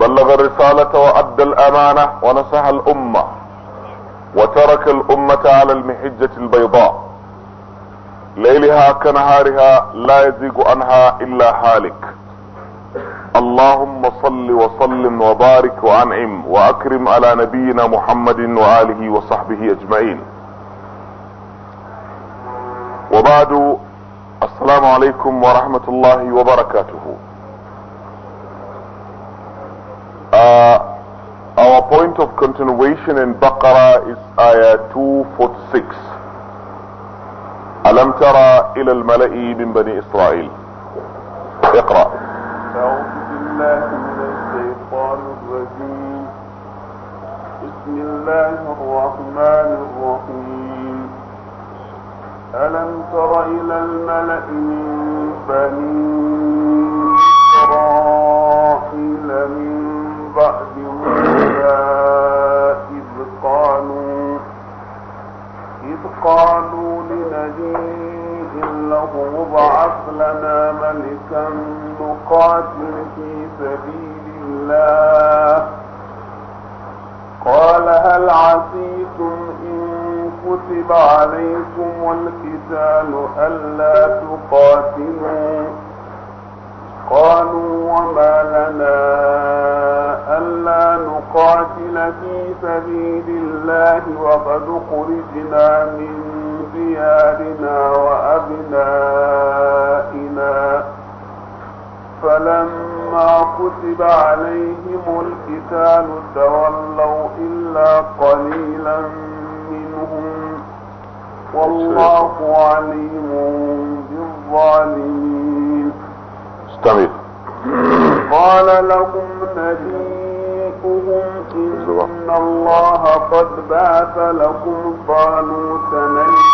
بلغ الرسالة وأدى الأمانة ونصح الأمة وترك الأمة على المحجة البيضاء ليلها كنهارها لا يزيغ عنها إلا هالك اللهم صل وسلم وبارك وأنعم وأكرم على نبينا محمد وآله وصحبه أجمعين وبعد السلام عليكم ورحمة الله وبركاته Uh, our point of continuation in Baqarah is ayah 246. ألم ترى إلى الملأ من بني إسرائيل اقرأ أعوذ بالله من الشيطان الرجيم بسم الله الرحمن الرحيم ألم تر إلى الملأ من بني إسرائيل من قالوا لنبي له ابعث لنا ملكا نقاتل في سبيل الله قال هل عسيتم إن كتب عليكم القتال ألا تقاتلوا قالوا وما لنا ألا نقاتل في سبيل الله وقد خرجنا من ديارنا وأبنائنا فلما كتب عليهم القتال تولوا إلا قليلا منهم والله عليم بالظالمين استمد قال لهم نبيكم إن الله قد بعث لكم طالوت ملكا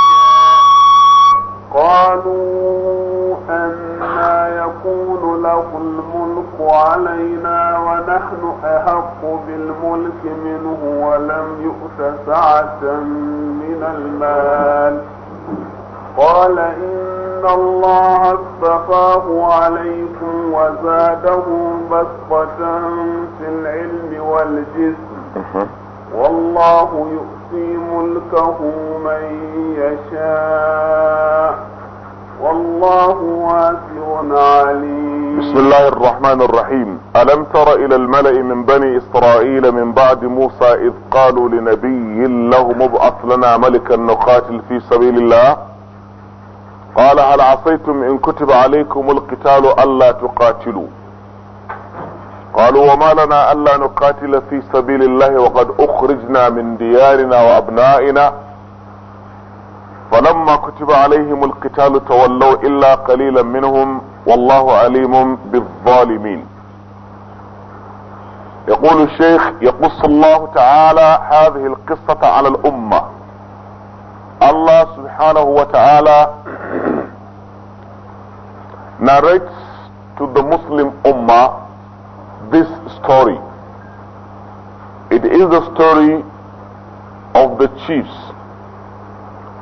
قالوا أنا يكون له الملك علينا ونحن أحق بالملك منه ولم يؤت سعة من المال قال إن الله اصطفاه علينا منكم وزادهم بسطة في العلم والجسم والله يؤتي ملكه من يشاء والله واسع عليم بسم الله الرحمن الرحيم ألم تر إلى الملأ من بني إسرائيل من بعد موسى إذ قالوا لنبي له مبعث لنا ملكا نقاتل في سبيل الله قال هل عصيتم ان كتب عليكم القتال الا تقاتلوا قالوا وما لنا الا نقاتل في سبيل الله وقد اخرجنا من ديارنا وابنائنا فلما كتب عليهم القتال تولوا الا قليلا منهم والله عليم بالظالمين يقول الشيخ يقص الله تعالى هذه القصة على الامة الله سبحانه وتعالى narrates to the Muslim Ummah this story. It is the story of the chiefs,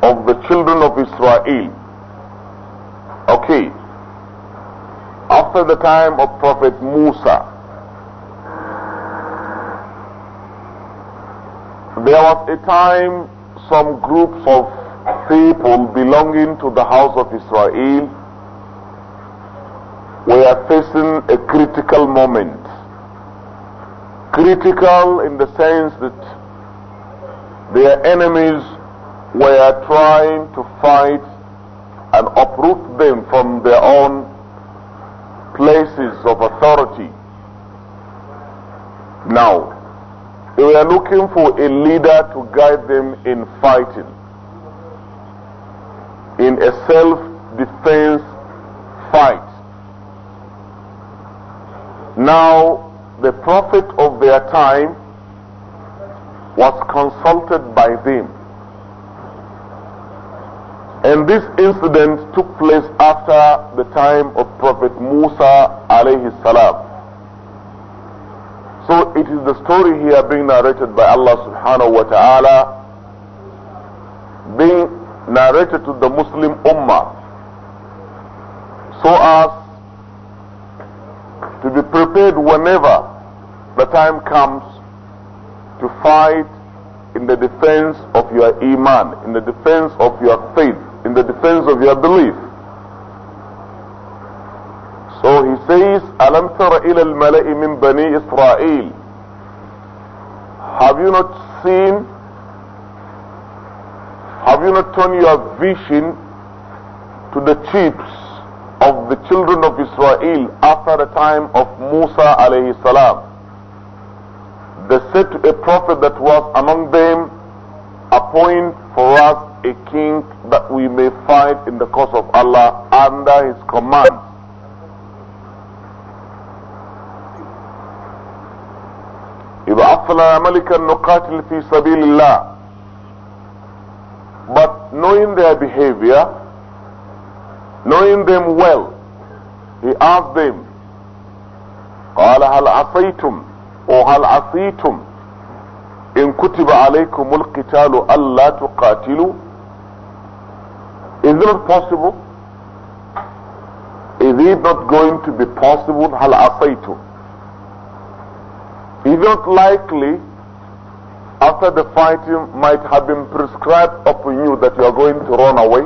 of the children of Israel. Okay. After the time of Prophet Musa, there was a time some groups of people belonging to the house of Israel we are facing a critical moment. Critical in the sense that their enemies were trying to fight and uproot them from their own places of authority. Now, they are looking for a leader to guide them in fighting, in a self-defense fight now, the prophet of their time was consulted by them. And this incident took place after the time of Prophet Musa alayhi salam. So it is the story here being narrated by Allah subhanahu wa ta'ala, being narrated to the Muslim Ummah, so as prepared whenever the time comes to fight in the defense of your iman, in the defense of your faith, in the defense of your belief. So he says, Alam tara ila al-mala'i min bani Israel. Have you not seen, have you not turned your vision to the chiefs of the children of Israel after the time of Musa alayhi salam. They said to a prophet that was among them, appoint for us a king that we may fight in the cause of Allah under his command. but knowing their behavior knowing them well, he asked them, قال هل عصيتم or هل عصيتم إن كتب عليكم القتال ألا تقاتلوا Is it not possible? Is it not going to be possible? هل عصيتم Is it not likely after the fighting might have been prescribed upon you that you are going to run away?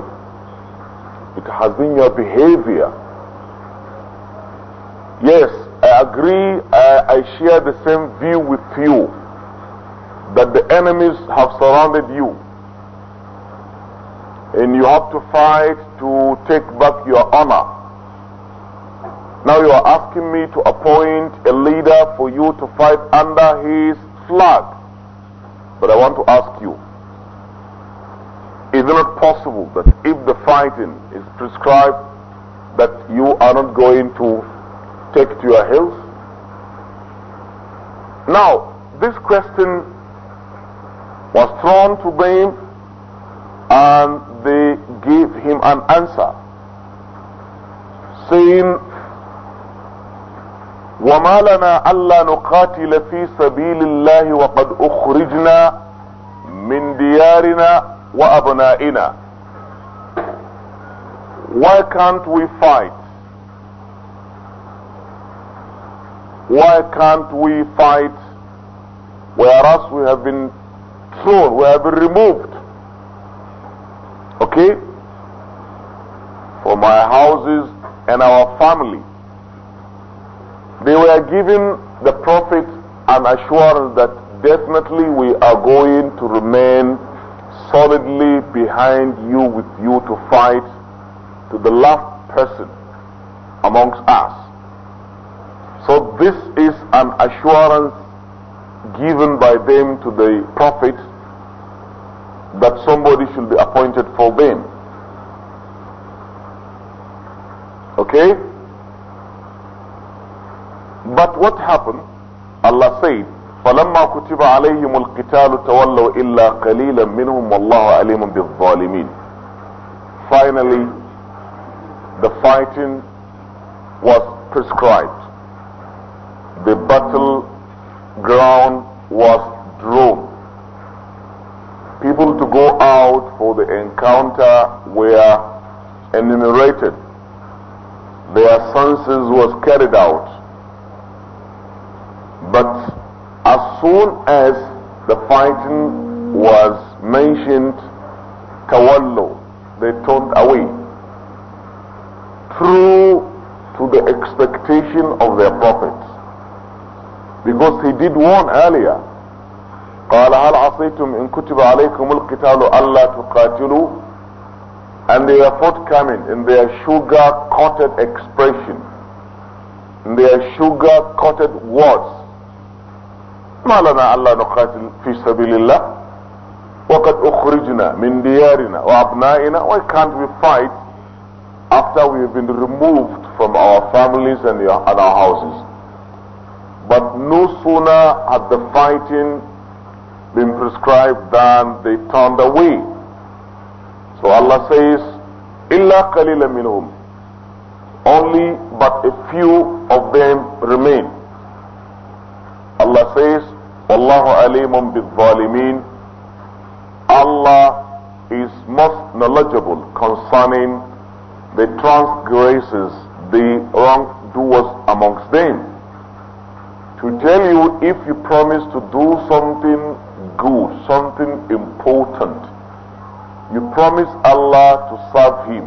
It has been your behavior. Yes, I agree, I, I share the same view with you that the enemies have surrounded you and you have to fight to take back your honor. Now you are asking me to appoint a leader for you to fight under his flag. But I want to ask you, is it not possible that if the fighting is Prescribe that you are not going to take to your health? Now, this question was thrown to him, and they gave him an answer saying وما لنا ألا نقاتل في سبيل الله وقد أخرجنا من ديارنا وأبنائنا why can't we fight? Why can't we fight whereas we have been thrown, we have been removed? Okay? For my houses and our family. They were given the Prophet an assurance that definitely we are going to remain solidly behind you with you to fight to the last person amongst us. So this is an assurance given by them to the prophet that somebody should be appointed for them. Okay? But what happened? Allah said, فلما كتب عليهم القتال تولوا إلا قليلا منهم والله عليم بالظالمين. Finally, the fighting was prescribed. The battle ground was drawn. People to go out for the encounter were enumerated. Their census was carried out. But as soon as the fighting was mentioned, Tawallo, they turned away true to the expectation of their prophets. Because he did warn earlier. قال هل عصيتم إن كتب عليكم القتال ألا تقاتلوا and they are forthcoming in their sugar-coated expression, in their sugar-coated words. ما لنا ألا نقاتل في سبيل الله وقد أخرجنا من ديارنا وأبنائنا why can't we fight after we've been removed from our families and, the, and our houses. But no sooner had the fighting been prescribed than they turned away. So Allah says, إِلَّا قَلِيلًا مِنْهُمْ Only but a few of them remain. Allah says, وَاللَّهُ عَلِيمٌ بِالظَّالِمِينَ Allah is most knowledgeable concerning the transgressors, the wrongdoers amongst them. To tell you if you promise to do something good, something important, you promise Allah to serve Him,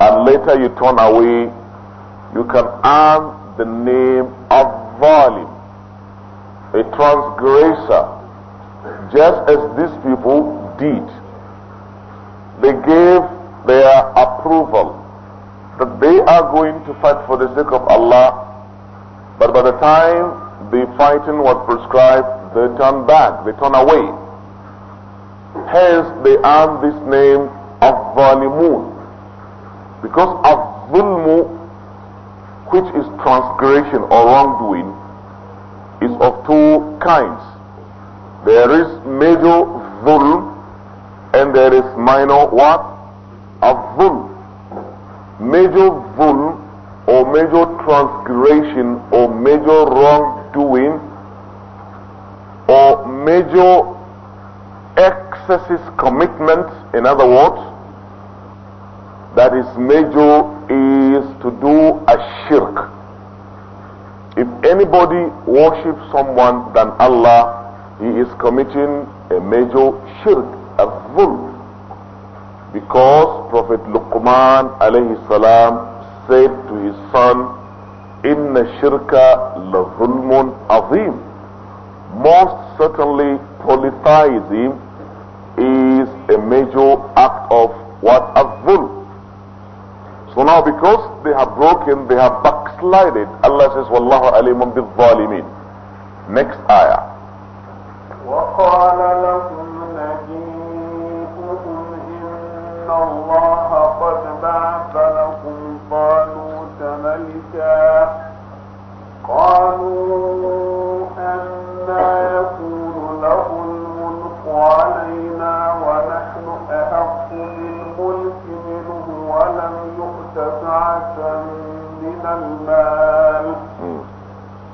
and later you turn away, you can earn the name of Valim, a transgressor, just as these people did. They gave their approval that they are going to fight for the sake of Allah. But by the time the fighting was prescribed, they turn back, they turn away. Hence, they have this name of Zalimun. Because of Zulmu, which is transgression or wrongdoing, is of two kinds. There is major Zulm and there is minor what? Avul, major vul or major transgression or major wrongdoing or major excesses commitment, in other words, that is major is to do a shirk. If anybody worships someone than Allah, he is committing a major shirk, a vul. Because Prophet Luqman alayhi salam said to his son, Inna shirka la zulmun azim. Most certainly polytheism is a major act of what? Azul. So now because they have broken, they have backslided. Allah says, Wallahu alimun bil zalimin. Next ayah. الله قد بعث لكم طالوت ملكا قالوا أنا يكون له الملك علينا ونحن أحق بالملك منه ولم يؤت سعة من المال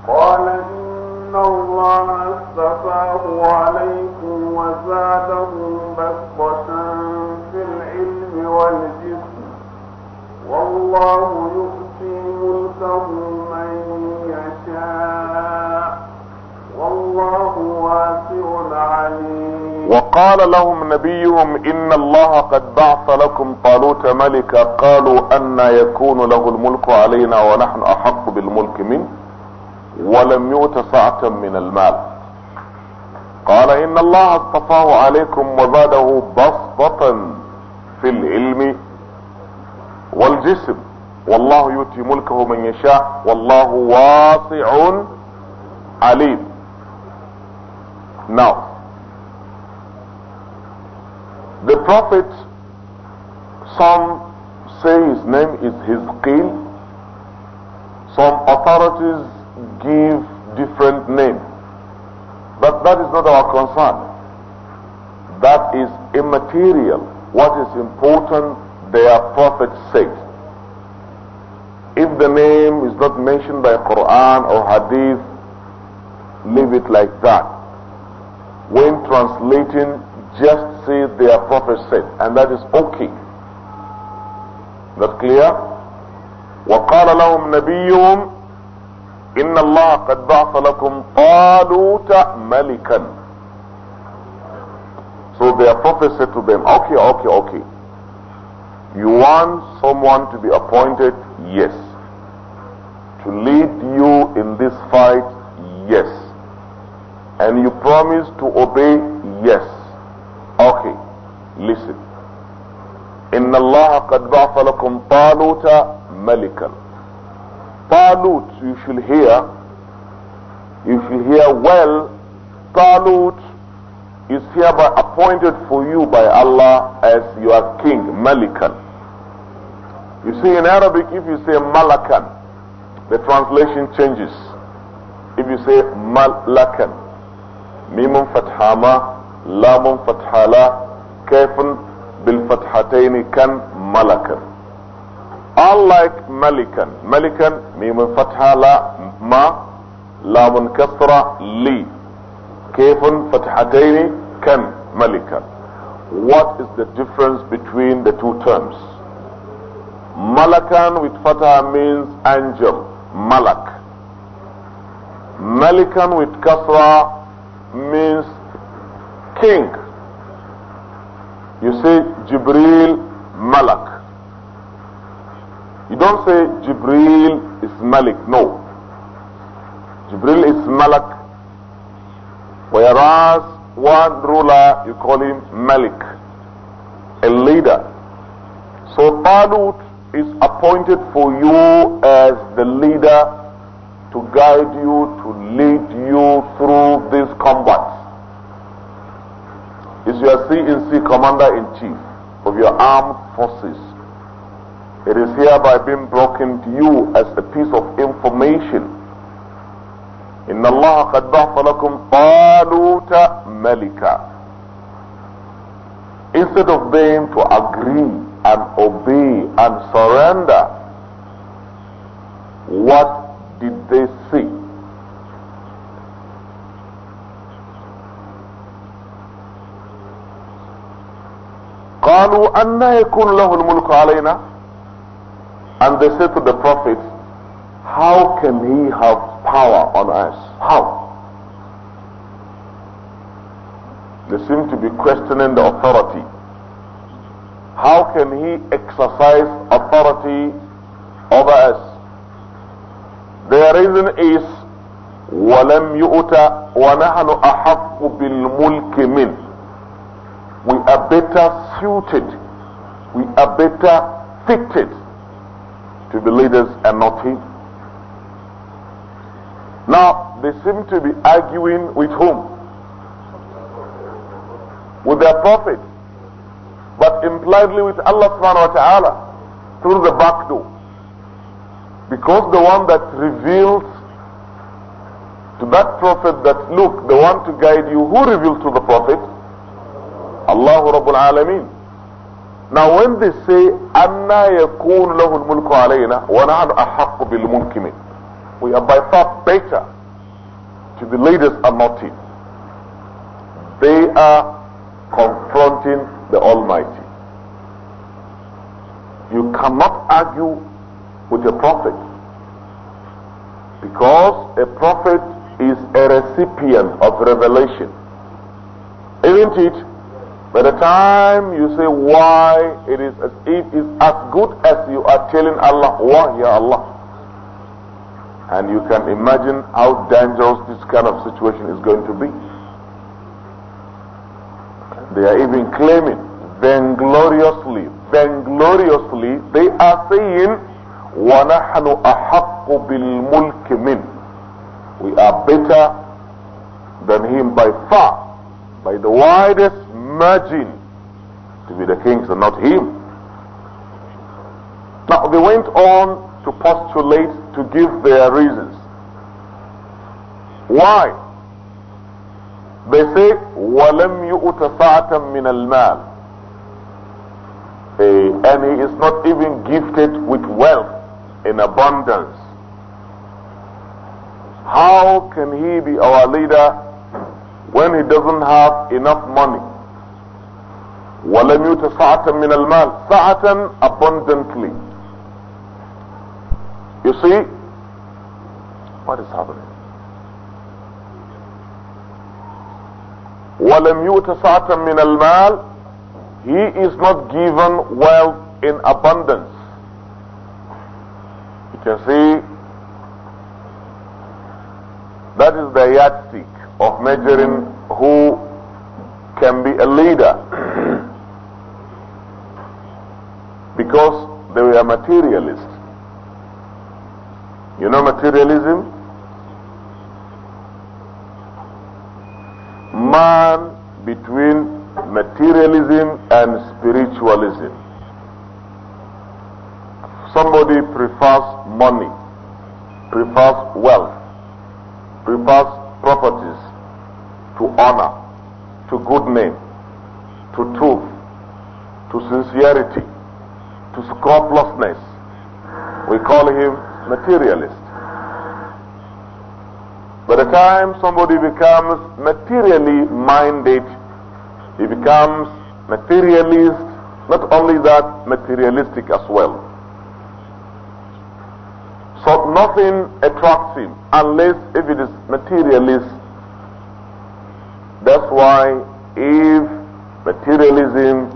قال إن الله استفاه عليكم وزاده بسطة والجسم والله يؤتي ملكه من يشاء والله واسع عليم وقال لهم نبيهم ان الله قد بعث لكم طالوت ملكا قالوا أن يكون له الملك علينا ونحن احق بالملك منه ولم يؤت سعة من المال قال ان الله اصطفاه عليكم وزاده بسطة Now, the Prophet, some say his name is Hizqil. Some authorities give different name. But that is not our concern. That is immaterial. What is important, their prophet says. If the name is not mentioned by Quran or Hadith, leave it like that. When translating, just say their prophet said, and that is okay. That clear? وقال لهم نبيهم إن الله قد بعث لكم طالوت ملكا So their prophet said to them, okay, okay, okay. You want someone to be appointed? Yes to lead you in this fight? Yes. And you promise to obey? Yes. Okay, listen. إن الله قد بعث لكم طالوت ملكا طالوت you should hear you should hear well طالوت is hereby appointed for you by Allah as your king malikan you see in Arabic if you say Malikan the translation changes. If you say malakan, mimun fathama, lamun fathala, kafun bil fathataini kan malakan. Unlike malikan, malikan mimun fathala ma, lamun kasra li, kafun fathataini kan malikan. What is the difference between the two terms? Malakan with fatha means angel. Malak. Malikan with Kasra means king. You say Jibril Malak. You don't say Jibril is Malik. No. Jibril is Malak. Whereas one ruler, you call him Malik, a leader. So Talut is appointed for you as the leader to guide you, to lead you through this combat. Is your CNC commander in chief of your armed forces. It is hereby being broken to you as a piece of information. إن الله قد بعث لكم طالوت Instead of them to agree and obey and surrender. What did they see? قالوا أن يكون له الملك علينا and they said to the prophet how can he have power on us how they seem to be questioning the authority can he exercise authority over us? The reason is ولم يؤت ونحن أحق بالملك منه. We are better suited, we are better fitted to be leaders and not him. Now they seem to be arguing with whom? With their prophet impliedly with Allah subhanahu wa ta'ala through the back door. Because the one that reveals to that prophet that look, the one to guide you, who revealed to the prophet? Allah Rabbul Alameen. Now when they say, أَنَّا يَكُونُ لَهُ الْمُلْكُ عَلَيْنَا وَنَحْنُ أَحَقُّ بِالْمُلْكِ مِنْهُ We are by far better to the leaders are They are confronting the Almighty. You cannot argue with a prophet because a prophet is a recipient of revelation. Isn't it? By the time you say why, it is as, it is as good as you are telling Allah, Why, Allah. And you can imagine how dangerous this kind of situation is going to be. They are even claiming vaingloriously vaingloriously, they are saying, We are better than him by far, by the widest margin to be the kings and not him. Now they went on to postulate to give their reasons. Why? They say, وَلَمْ يُؤْتَ سَعَةً مِنَ الْمَالِ and he is not even gifted with wealth in abundance. How can he be our leader when he doesn't have enough money? سعة من المال سعة abundantly you see what is happening ولم يؤت سعة من المال he is not given wealth in abundance. You can see that is the yardstick of measuring who can be a leader. because they were materialists. You know materialism? Man between materialism and spiritualism. Somebody prefers money, prefers wealth, prefers properties to honor, to good name, to truth, to sincerity, to scrupulousness. We call him materialist. By the time somebody becomes materially minded, he becomes materialist, not only that, materialistic as well. So nothing attracts him unless if it is materialist. That's why if materialism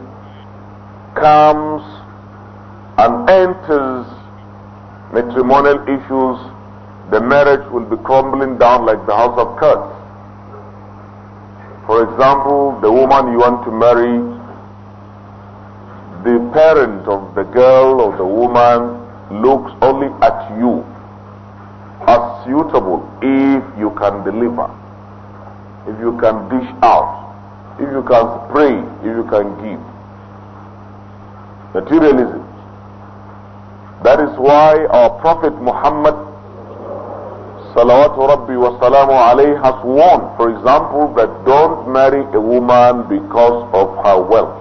comes and enters matrimonial issues, the marriage will be crumbling down like the house of cards. For example, the woman you want to marry, the parent of the girl or the woman looks only at you as suitable if you can deliver, if you can dish out, if you can pray, if you can give. Materialism. That is why our Prophet Muhammad salawatu rabbi wa salamu alayhi has warned, for example, that don't marry a woman because of her wealth.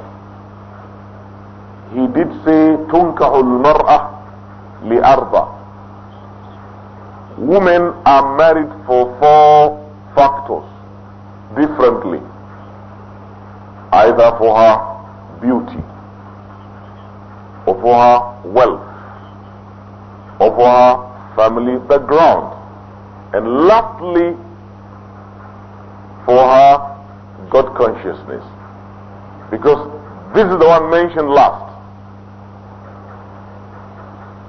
He did say, تنكح li-arba." Women are married for four factors differently. Either for her beauty, or for her wealth, or for her family background, and lastly, for her, God consciousness. Because this is the one mentioned last.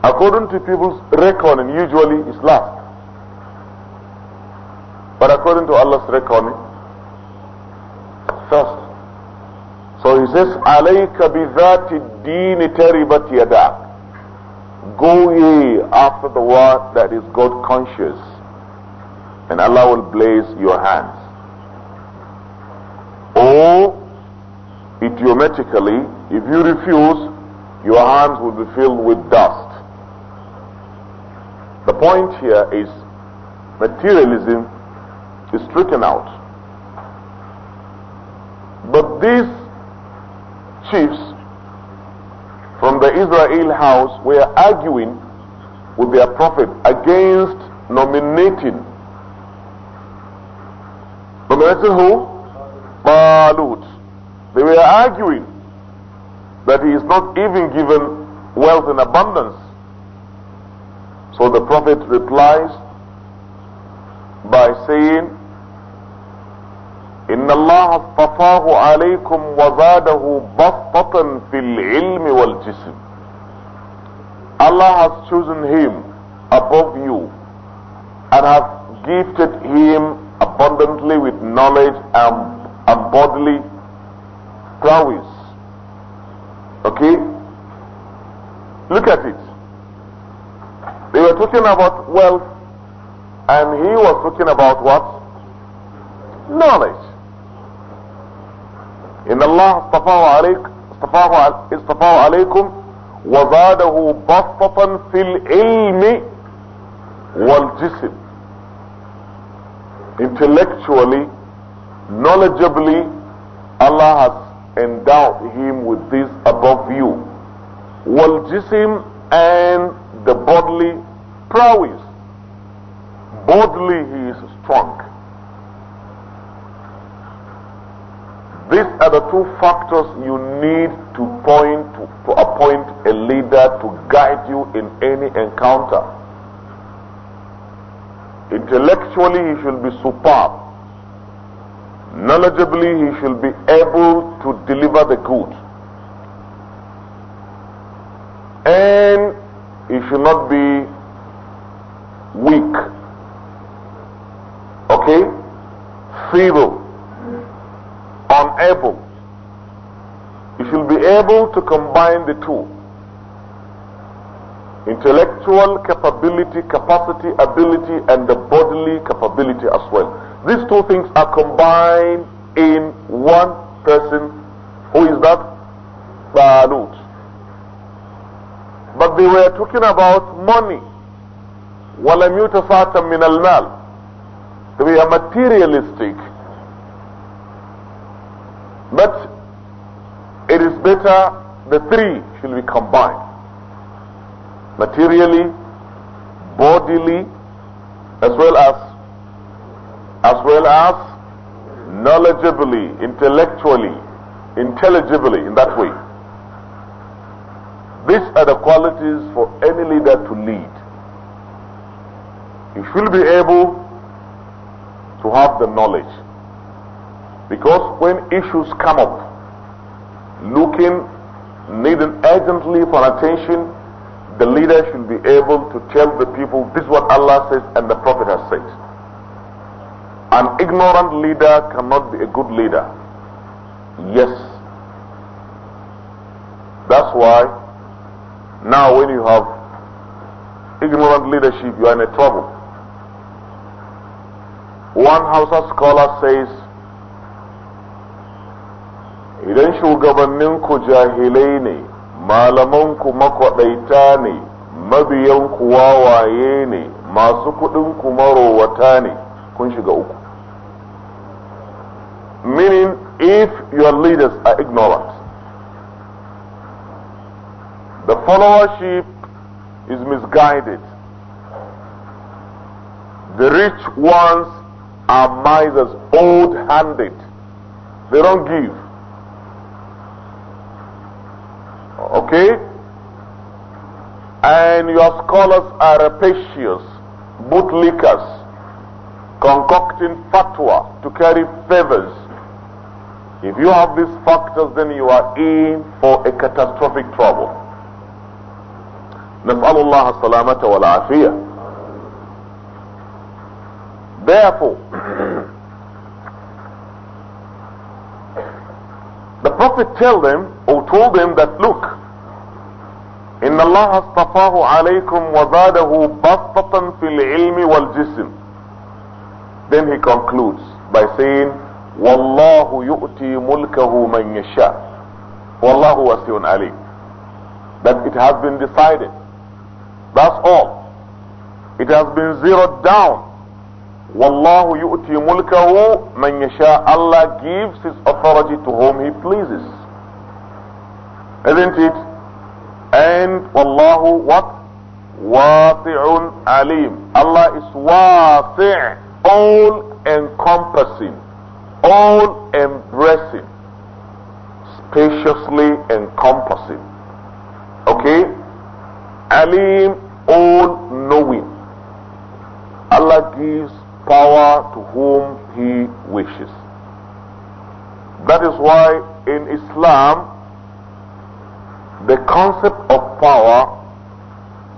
According to people's reckoning, usually it's last. But according to Allah's reckoning, first. So he says, عَلَيْكَ بِذَاتِ الدِّينِ Go ye after the word that is God conscious and Allah will blaze your hands. Or idiomatically, if you refuse, your hands will be filled with dust. The point here is materialism is stricken out. But these chiefs from the Israel house were arguing with their prophet against nominating who whom? Talut. They were arguing that he is not even given wealth in abundance. So the Prophet replies by saying, إن الله اصطفاه عليكم وزاده بسطة في العلم والجسم. Allah has chosen him above you and has gifted him abundantly with knowledge and, and bodily prowess. Okay? Look at it. They were talking about wealth and he was talking about what? Knowledge. إن الله اصطفاه عليك اصطفاه اصطفاه عليكم وزاده fil في wal والجسم intellectually, knowledgeably, Allah has endowed him with this above you. Wal jisim and the bodily prowess. Bodily he is strong. These are the two factors you need to point to, to appoint a leader to guide you in any encounter. Intellectually, he shall be superb. Knowledgeably, he shall be able to deliver the good. And he shall not be weak. Okay? Feeble. Unable. He shall be able to combine the two intellectual capability, capacity, ability, and the bodily capability as well. These two things are combined in one person. Who is that? Balut. But they were talking about money. وَلَمْ يُتَفَاتَ مِنَ الْمَالِ They are materialistic. But it is better the three should be combined materially, bodily, as well as as well as knowledgeably, intellectually, intelligibly in that way. These are the qualities for any leader to lead. He should be able to have the knowledge. Because when issues come up, looking, needing urgently for attention, the leader should be able to tell the people this is what Allah says and the Prophet has said. An ignorant leader cannot be a good leader. Yes. That's why now when you have ignorant leadership, you are in a trouble. One Hausa scholar says, idan shugabanninku jahilai ne malamanku makwaɗaita ne mabiyanku wawaye ne masu kuɗinku marowata ne kun shiga uku meaning if your leaders are ignorant the followership is misguided the rich ones are misers old-handed they don't give okay? And your scholars are rapacious, bootlickers, concocting fatwa to carry favors. If you have these factors, then you are in for a catastrophic trouble. نسأل الله السلامة والعافية. Therefore, the Prophet told them or told them that look, إن الله اصطفاه عليكم وزاده بسطة في العلم والجسم Then he concludes by saying والله يؤتي ملكه من يشاء والله واسع عليم That it has been decided That's all It has been zeroed down والله يؤتي ملكه من يشاء Allah gives his authority to whom he pleases Isn't it? And Wallahu what? Wafi'un alim. Allah is wafi' all encompassing, all embracing, spaciously encompassing. Okay? Alim, all knowing. Allah gives power to whom He wishes. That is why in Islam, the concept of power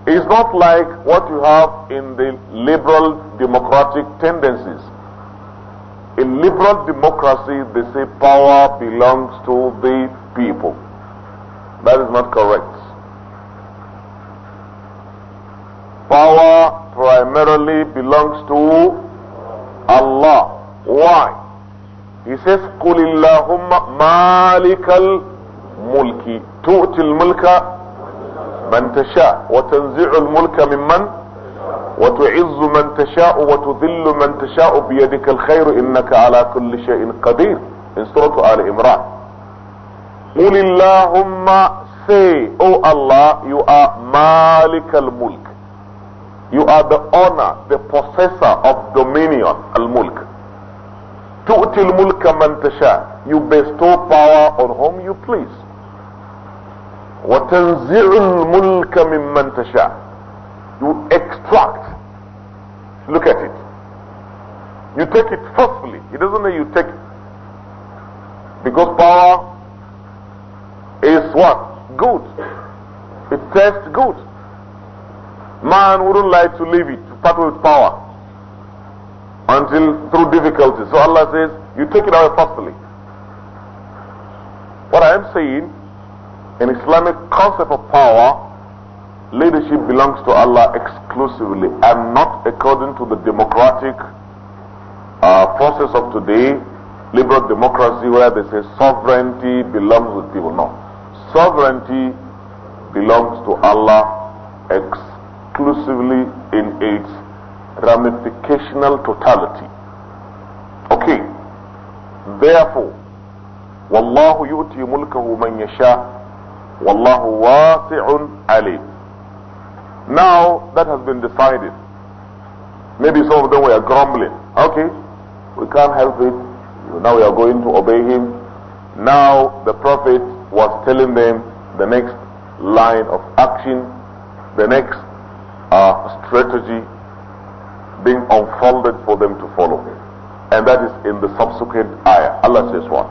is not like what you have in the liberal democratic tendencies. In liberal democracy, they say power belongs to the people. That is not correct. Power primarily belongs to Allah. Why? He says, قُلِ اللَّهُمَّ مَالِكَ الْمُلْكِ تؤتي الملك من تشاء وتنزع الملك ممن وتعز من تشاء وتذل من تشاء بيدك الخير انك على كل شيء قدير من سورة آل عمران قل اللهم سي او oh Allah you are مالك الملك you are the owner the possessor of dominion الملك تؤتي الملك من تشاء you bestow power on whom you please وَتَنْزِعُ الْمُلْكَ مِمَّنْ تَشَاءُ You extract. Look at it. You take it forcefully. It doesn't mean you take it. Because power is what? Good. It tastes good. Man wouldn't like to leave it, to part with power until through difficulties. So Allah says, you take it away forcefully. What I am saying in Islamic concept of power, leadership belongs to Allah exclusively and not according to the democratic uh, process of today, liberal democracy, where they say sovereignty belongs with people. No. Sovereignty belongs to Allah exclusively in its ramificational totality. Okay. Therefore, وَاللَّهُ يُؤْتِي مُلْكَهُ مَنْ يَشَاءُ Wallahu wasi'un alim. Now that has been decided. Maybe some of them were grumbling. Okay, we can't help it. Now we are going to obey him. Now the Prophet was telling them the next line of action, the next uh, strategy being unfolded for them to follow. And that is in the subsequent ayah. Allah says what?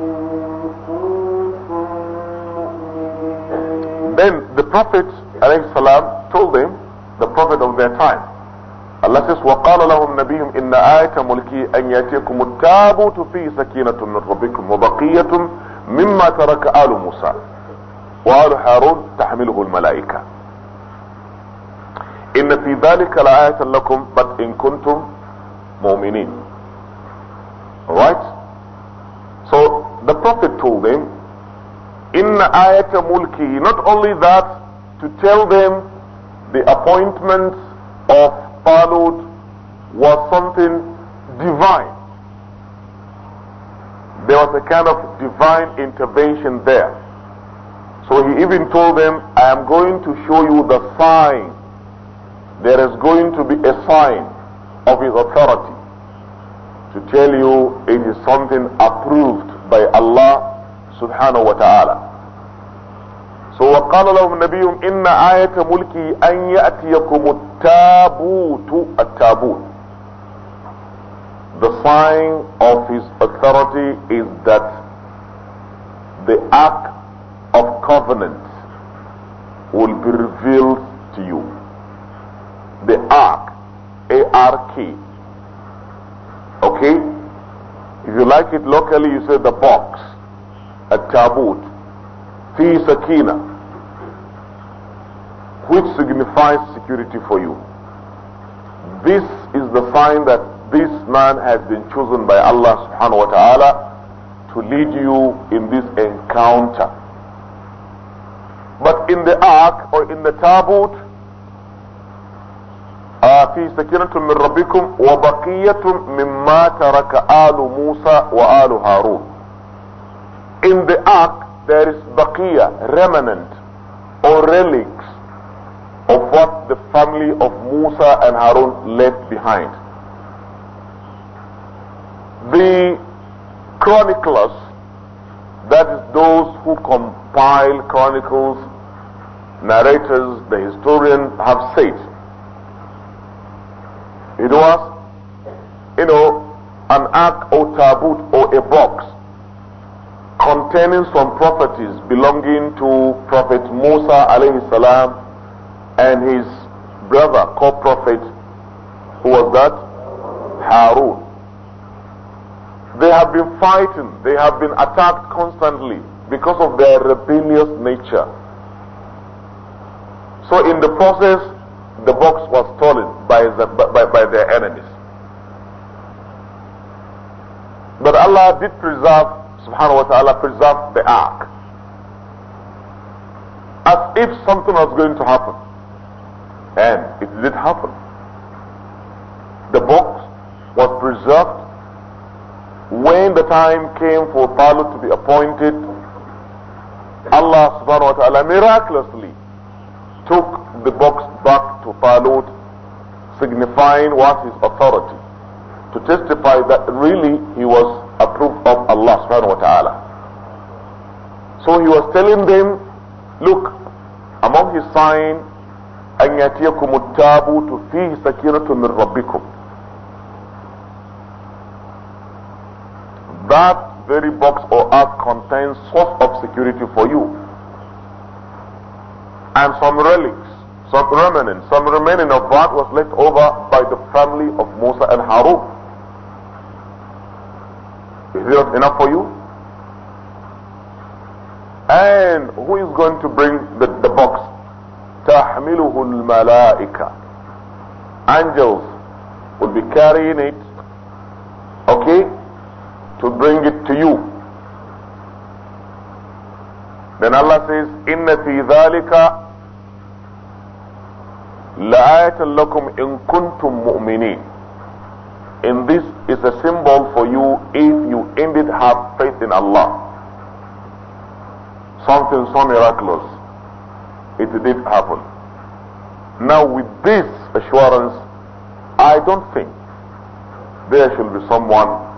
the Prophet السلام, told them, the Prophet of their time, Allah says, وَقَالَ لَهُمْ نَبِيهِمْ إِنَّ آيَةَ مُلْكِي أَنْ يَأْتِيَكُمُ التَّابُوتُ فِي سَكِينَةٌ مِّن رَّبِّكُمْ وَبَقِيَّةٌ مِّمَّا تَرَكَ آلُ مُوسَىٰ وآل حَارُونَ تحمله الملائكة إن في ذلك لآية لكم بَتْ إن كنتم مؤمنين Right? So the Prophet told them in ayat mulki, not only that, to tell them the appointment of Talut was something divine. There was a kind of divine intervention there. So he even told them, I am going to show you the sign. There is going to be a sign of his authority to tell you it is something approved by Allah subhanahu wa ta'ala. So وقال لهم نبيهم إن آية ملكي أن يأتيكم التابوت التابوت The sign of his authority is that the ark of covenant will be revealed to you. The ark, A-R-K. Okay? If you like it locally, you say the box. التابوت في سكينة which signifies security for you. This is the sign that this man has been chosen by Allah subhanahu wa ta'ala to lead you in this encounter. But in the ark or in the tabut, في سكينة من ربكم وبقية مما ترك آل موسى وآل هارون in the ark there is bakia, remnant or relics of what the family of Musa and Harun left behind. The chroniclers, that is those who compile chronicles, narrators, the historian have said, it was, you know, an ark or tabut or a box containing some properties belonging to Prophet Musa alayhi salam and his brother co-prophet who was that? Harun. They have been fighting, they have been attacked constantly because of their rebellious nature. So in the process, the box was stolen by, the, by, by their enemies. But Allah did preserve subhanahu wa ta'ala preserved the ark as if something was going to happen. And it did happen. The box was preserved. When the time came for Talut to be appointed, Allah subhanahu wa ta'ala miraculously took the box back to Talut, signifying what his authority, to testify that really he was approved of Allah subhanahu wa ta'ala. So he was telling them, look, among his sign, أن يأتيكم التابوت فيه سكينة من ربكم. That very box or ark contains source of security for you. And some relics, some remnants, some remaining of that was left over by the family of Musa and Harun. Is it enough for you? And who is going to bring the, the box? تَحْمِلُهُ الْمَلَائِكَةِ Angels will be carrying it, okay, to bring it to you. Then Allah says, إِنَّ فِي ذَلِكَ لَآيَةً لَكُمْ إِن كُنْتُمْ مُؤْمِنِينَ and this is a symbol for you if you indeed have faith in Allah. Something so miraculous. It did happen. Now with this assurance, I don't think there should be someone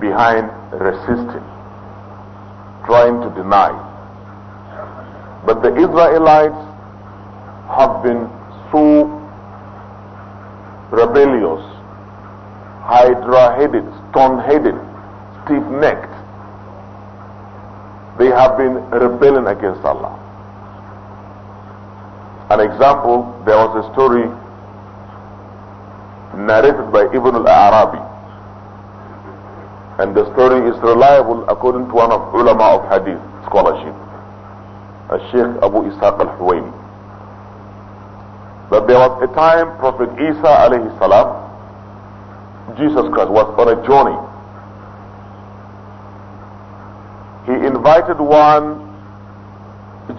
behind resisting, trying to deny. But the Israelites have been so rebellious hydra-headed, stone-headed, stiff-necked. They have been rebelling against Allah. An example, there was a story narrated by Ibn al-Arabi. And the story is reliable according to one of ulama of hadith scholarship, a Sheikh Abu Ishaq al-Huwaini. That there was a time Prophet Isa alayhi salam Jesus Christ was on a journey. He invited one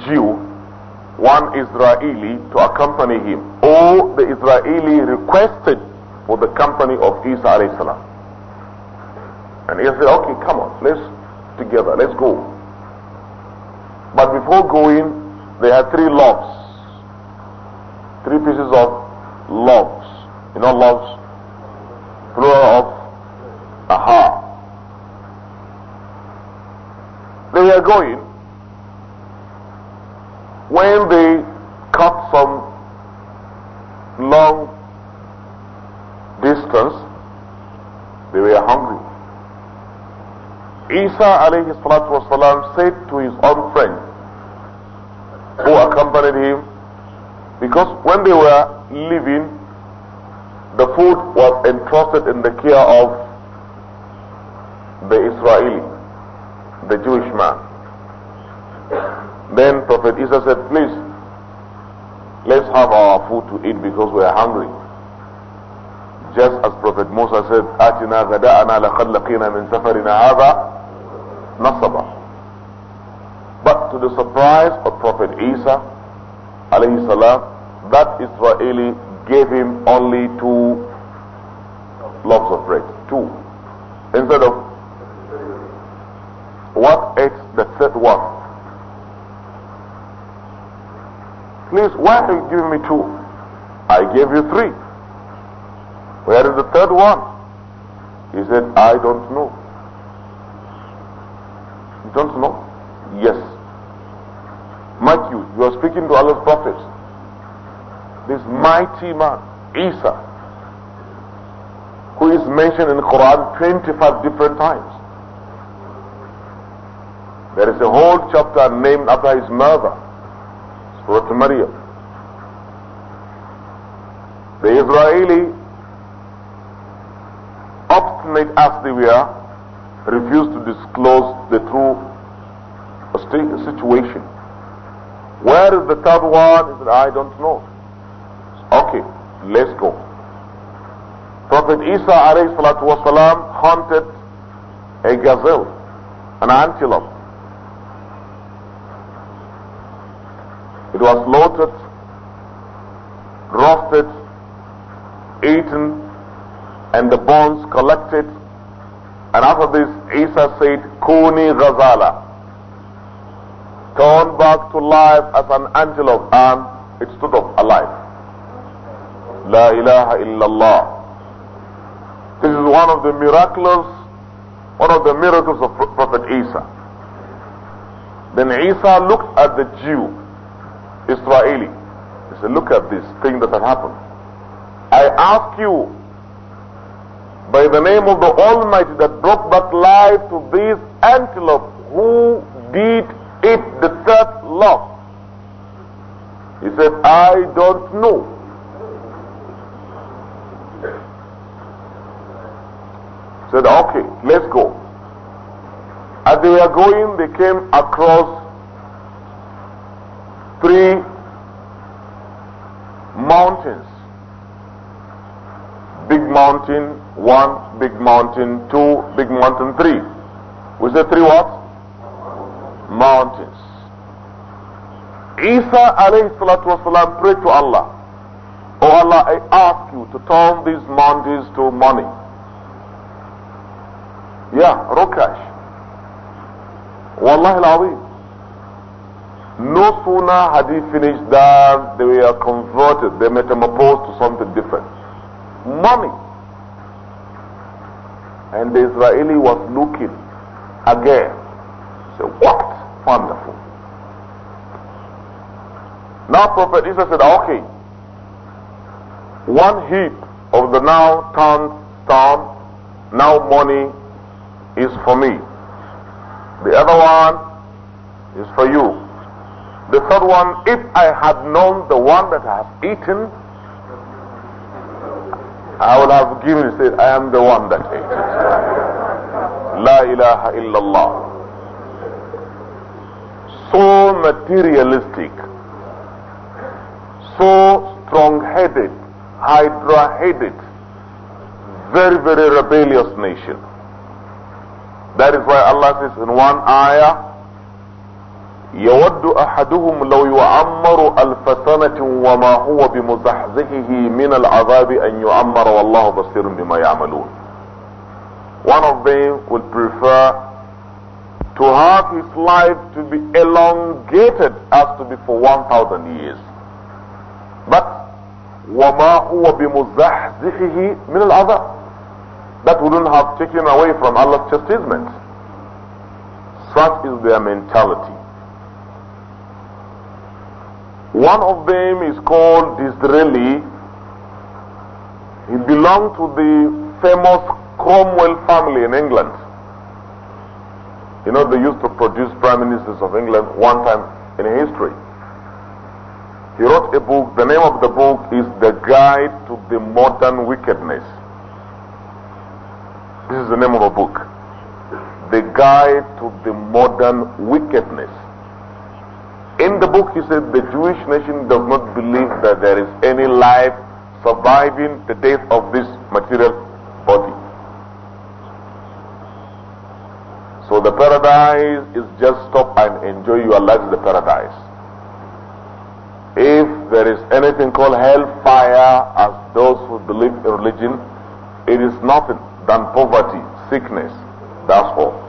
Jew, one Israeli to accompany him. All the Israeli requested for the company of Isa And he said, okay, come on, let's together, let's go. But before going, they had three loaves, three pieces of loaves. You know loaves? floor of the harm. They were going when they cut some long distance, they were hungry. Isa alayhi salatu wasalam said to his own friend who accompanied him, because when they were leaving, the food was entrusted in the care of the Israeli, the Jewish man. Then Prophet Isa said, please, let's have our food to eat because we are hungry. Just as Prophet Musa said, "Atina gadaana لقد لقينا من سفرنا هذا But to the surprise of Prophet Isa, alayhi salam, that Israeli gave him only two loaves of bread. Two. Instead of what ate the third one? Please, why are you giving me two? I gave you three. Where is the third one? He said, I don't know. You don't know? Yes. Matthew, you are speaking to Allah's prophets this mighty man, Isa, who is mentioned in the Quran 25 different times. There is a whole chapter named after his mother, Surah Maryam. The Israeli, obstinate as they were, refused to disclose the true situation. Where is the third one? He said, I don't know. Let's go. Prophet Isa alayhi salatu wasalam hunted a gazelle, an antelope. It was slaughtered, roasted, eaten, and the bones collected. And after this, Isa said, Kuni Razala. turned back to life as an antelope, and it stood up alive. La ilaha illallah. This is one of the miracles, one of the miracles of Prophet Isa. Then Isa looked at the Jew, Israeli. He said, look at this thing that has happened. I ask you, by the name of the Almighty that brought back life to these antelope, who did it the third law? He said, I don't know. said, okay, let's go. As they were going, they came across three mountains. Big mountain one, big mountain two, big mountain three. Was there three what? Mountains. Isa alayhi salatu wasalam prayed to Allah. Oh Allah, I ask you to turn these mountains to money. Yeah, Rukash. Wallahi al No sooner had he finished that, they were converted, they metamorphosed to something different. Money. And the Israeli was looking again. So what? Wonderful. Now Prophet Isa said, okay, one heap of the now turned stone, now money is for me. The other one is for you. The third one, if I had known the one that I have eaten, I would have given it, said, I am the one that ate it. La ilaha illallah. So materialistic, so strong-headed, hydra-headed, very, very rebellious nation. That is why Allah says in one ayah, يود أحدهم لو يعمر ألف سنة وما هو بمزحزحه من العذاب أن يعمر والله بصير بما يعملون One of them would prefer to have his life to be elongated as to be for 1000 years. But وما هو بمزحزحه من العذاب That wouldn't have taken away from Allah's chastisement. Such is their mentality. One of them is called Disraeli. He belonged to the famous Cromwell family in England. You know, they used to produce prime ministers of England one time in history. He wrote a book. The name of the book is The Guide to the Modern Wickedness. This is the name of a book. The Guide to the Modern Wickedness. In the book, he said the Jewish nation does not believe that there is any life surviving the death of this material body. So the paradise is just stop and enjoy your life in the paradise. If there is anything called hellfire as those who believe in religion, it is nothing than poverty, sickness. That's all.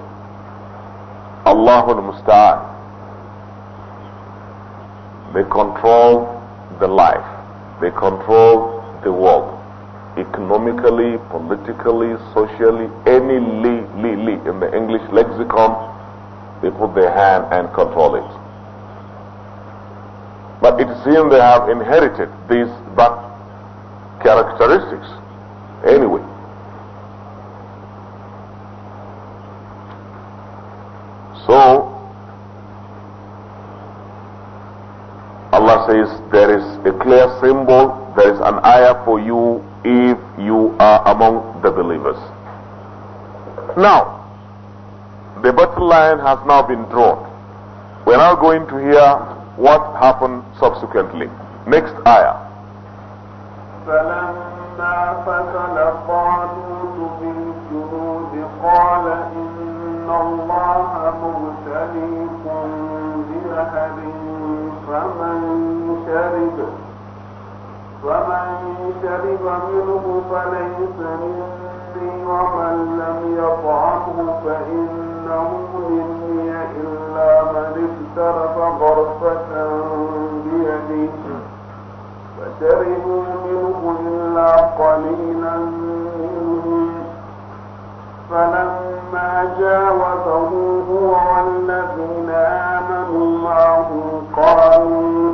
Allahul Musta'an. They control the life. They control the world. Economically, politically, socially, any li, li, li in the English lexicon, they put their hand and control it. But it seems they have inherited these bad characteristics says there is a clear symbol, there is an ayah for you if you are among the believers. Now, the battle line has now been drawn. We're now going to hear what happened subsequently. Next ayah. فمن شرب منه فليس مني ومن لم يطعمه فإنه مني إلا من اقترف غرفة بيده فشربوا منه إلا قليلا منهم فلما جاوزه هو والذين آمنوا معه قالوا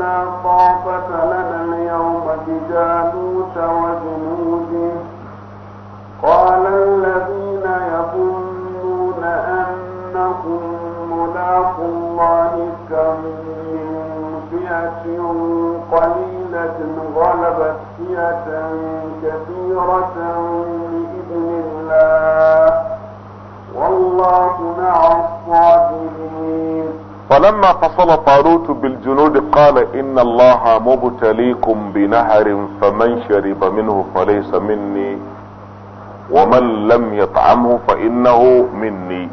لا طاقة لنا اليوم بجالوت وجنوده قال الذين يظنون أنهم ملاقو الله كم من فئة قليلة غلبت فئة كثيرة بإذن الله والله مع الصابرين فلما فصل طالوت بالجنود قال ان الله مبتليكم بنهر فمن شرب منه فليس مني ومن لم يطعمه فانه مني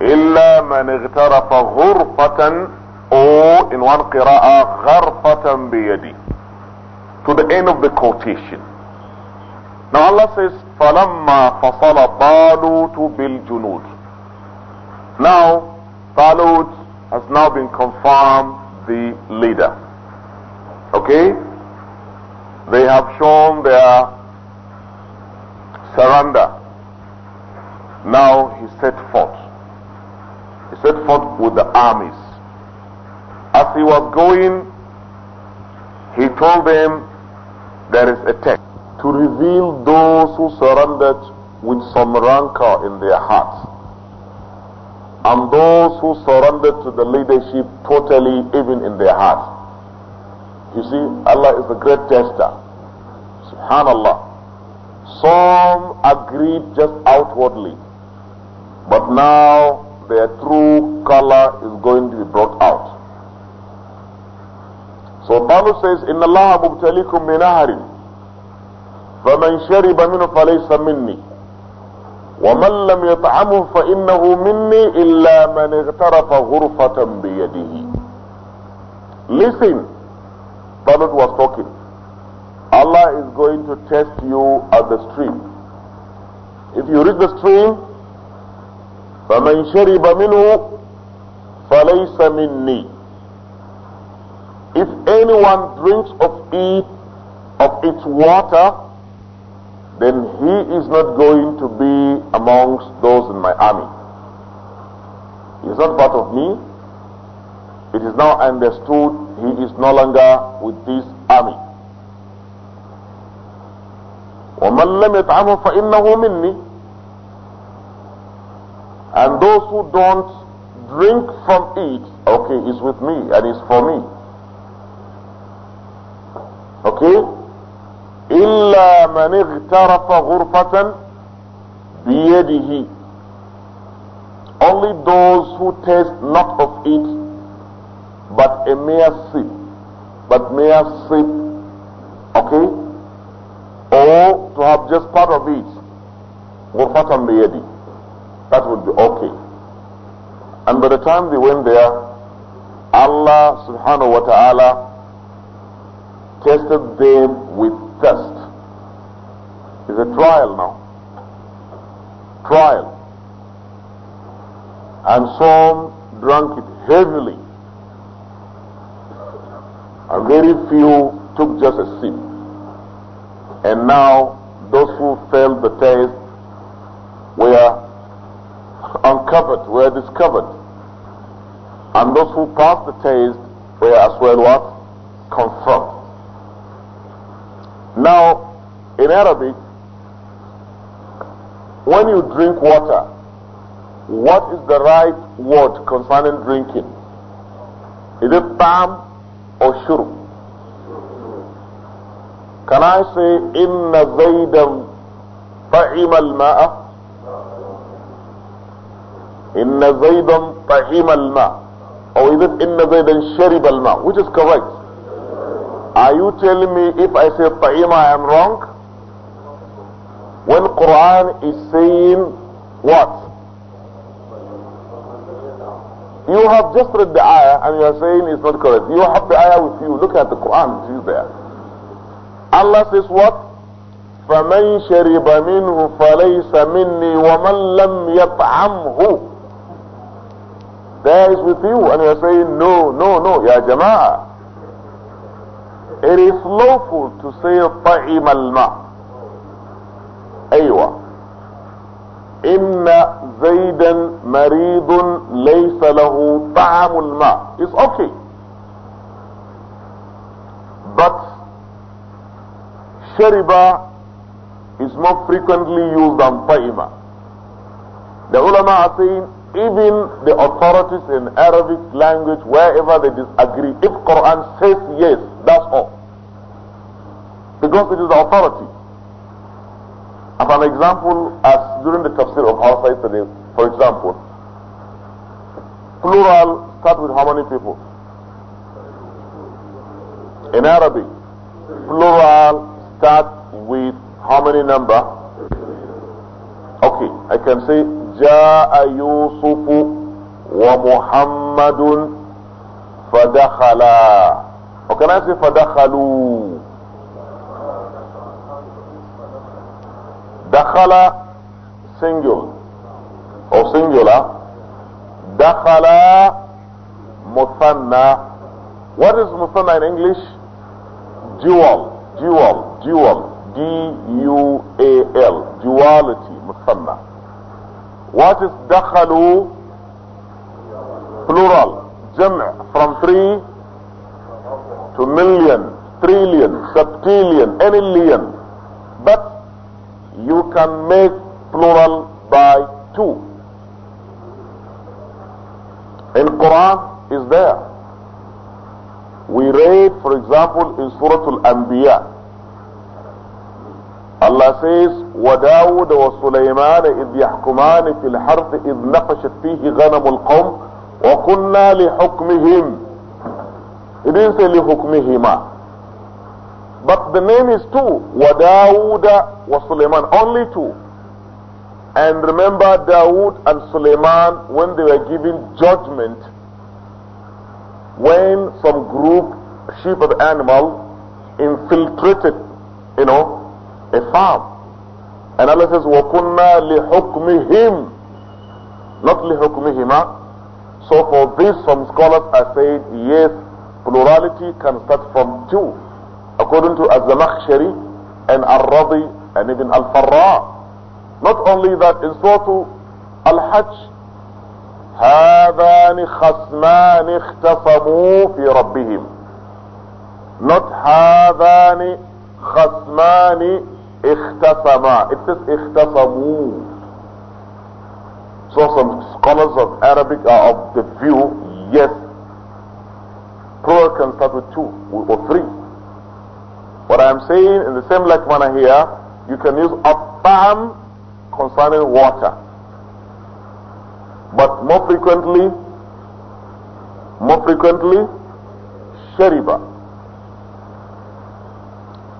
الا من اغترف غرفة او ان وان قراءة غرفة بيدي to the end of the quotation now Allah says فلما فصل طالوت بالجنود now Talut has now been confirmed the leader. Okay? They have shown their surrender. Now he set forth. He set forth with the armies. As he was going, he told them there is a text to reveal those who surrendered with some rancor in their hearts and those who surrendered to the leadership totally, even in their heart. You see, Allah is the great tester. Subhanallah. Some agreed just outwardly, but now their true color is going to be brought out. So Paulus says, إِنَّ اللَّهَ مُبْتَلِيكُمْ بِنَهَرٍ فَمَنْ شَرِبَ مِنْهُ فَلَيْسَ مِنِّي ومن لم يطعمه فإنه مني إلا من اغترف غرفة بيده Listen, Prophet was talking. Allah is going to test you at the stream. If you reach the stream, فمن شرب منه فليس مني. If anyone drinks of it, of its water, then he is not going to be amongst those in my army. He is not part of me. It is now understood he is no longer with this army. وَمَنْ لَمْ يَطْعَمْهُ فَإِنَّهُ مِنِّي And those who don't drink from it, okay, is with me and is for me. Okay? إلا من اغترف غرفة بيده Only those who taste not of it but a mere sip, but mere sip, okay? Or to have just part of it, غرفة بيدي That would be okay. And by the time they went there, Allah subhanahu wa ta'ala tested them with test. It's a trial now. Trial. And some drank it heavily. And very few took just a sip. And now those who failed the test were uncovered, were discovered. And those who passed the test were as well what? Confirmed. Now, in Arabic, when you drink water, what is the right word concerning drinking? Is it tam or "shuru"? Can I say inna zaidan ta'im al-ma'a? Inna zaidan ta'im al-ma'a. Or is it inna zaidan sharib al-ma'a? Which is correct? Are you telling me if I say ta'ima I am wrong? When Quran is saying what? You have just read the ayah and you are saying it's not correct. You have the ayah with you. Look at the Quran, it is there. Allah says what? فمن شرب منه فليس مني ومن لم يطعمه There is with you and you are saying no, no, no, Ya جماعة it is lawful to say طعم الماء أيوة إن زيدا مريض ليس له طعم الماء It's okay But شرب is more frequently used than طعم The ulama are saying even the authorities in Arabic language, wherever they disagree, if Quran says yes, that's all. Because it is the authority. As an example, as during the tafsir of Hausa yesterday, for example, plural starts with how many people? In Arabic, plural starts with how many number? Okay, I can say جاء يوسف ومحمد فدخلا وكان يقول فدخلوا دخل سنجل او سنجلا دخل مثنى what is مثنى in English dual dual جوال D U A L duality مثنى What is dakhalu? Plural. جمع from three to million, trillion, septillion, any million. But you can make plural by two. In Quran is there. We read, for example, in Surah Al-Anbiya. Allah says, وداود وسليمان إذ يحكمان في الحرث إذ نقشت فيه غنم القوم وقلنا لحكمهم إذن لحكمهما But the name is two, وداود وسليمان only two. And remember Dawood and Suleiman when they were giving judgment, when some group, sheep of animal, infiltrated, you know, a farm. analysis وَكُنَّا لِحُكْمِهِمْ Not لِحُكْمِهِمَا So for this, some scholars are saying, yes, plurality can start from two. According to الزمخشري and ar and even al Not only that, in Surah Al-Hajj, هذان خصمان اختصموا في ربهم not هذان خصمان Ikhtasama. It says So some scholars of Arabic are of the view, yes, plural can start with two or three. What I'm saying in the same like manner here, you can use apam concerning water. But more frequently, more frequently, shariba.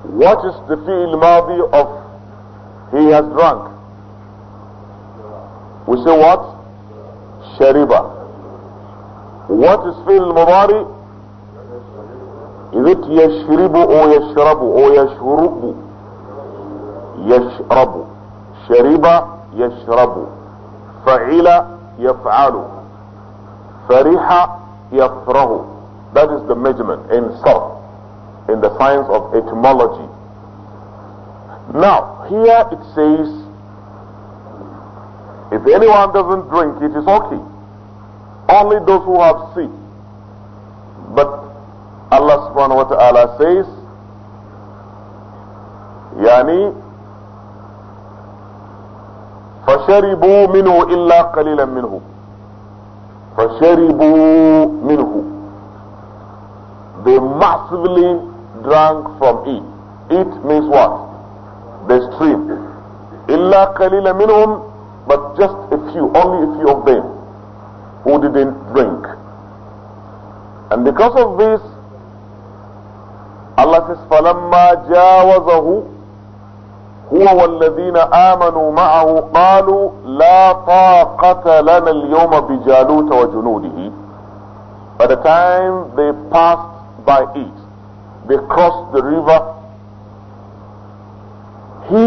What is the fi'il madi of he has drunk? We say what? Shariba. What is fi'il mudari? Is it yashribu or yashrabu or yashrubu? Yashrabu. Shariba yashrabu. Fa'ila yaf'alu. Fariha yafrahu. That is the measurement in sarf. in the science of etymology. Now, here it says, if anyone doesn't drink, it is okay. Only those who have sick. But Allah subhanahu wa ta'ala says, يعني فشربوا منه إلا قليلا منه فشربوا منه They massively drank from it. It means what? The stream. Illa قَلِيلًا مِنْهُمْ But just a few, only a few of them who didn't drink. And because of this, Allah says, فَلَمَّا جَاوَزَهُ هو والذين آمنوا معه قالوا لا طاقة لنا اليوم بجالوت وجنوده By the time they passed by it, they crossed the river. He,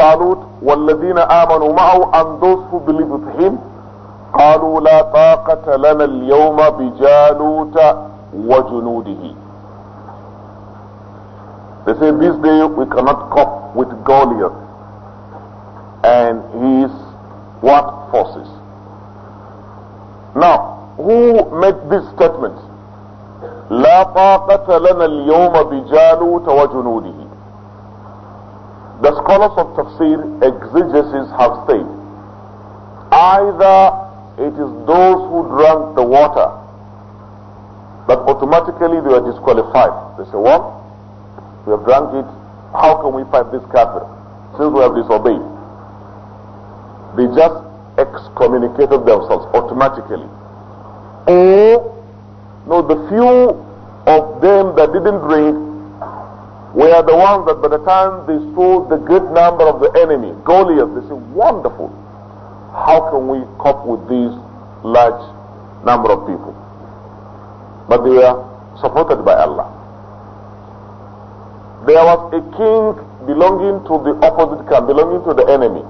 Talut, وَالَّذِينَ آمَنُوا مَعَهُ And those who believe with him, قالوا لا طاقة لنا اليوم بجالوت وجنوده They say this day we cannot cope with Goliath and his what forces. Now, who made this statement? the scholars of tafsir exegesis have said either it is those who drank the water but automatically they were disqualified they say well we have drunk it how can we fight this kafir since we have disobeyed they just excommunicated themselves automatically or no, the few of them that didn't drink were the ones that by the time they saw the great number of the enemy, Goliath, they said, wonderful. How can we cope with these large number of people? But they were supported by Allah. There was a king belonging to the opposite camp, belonging to the enemy.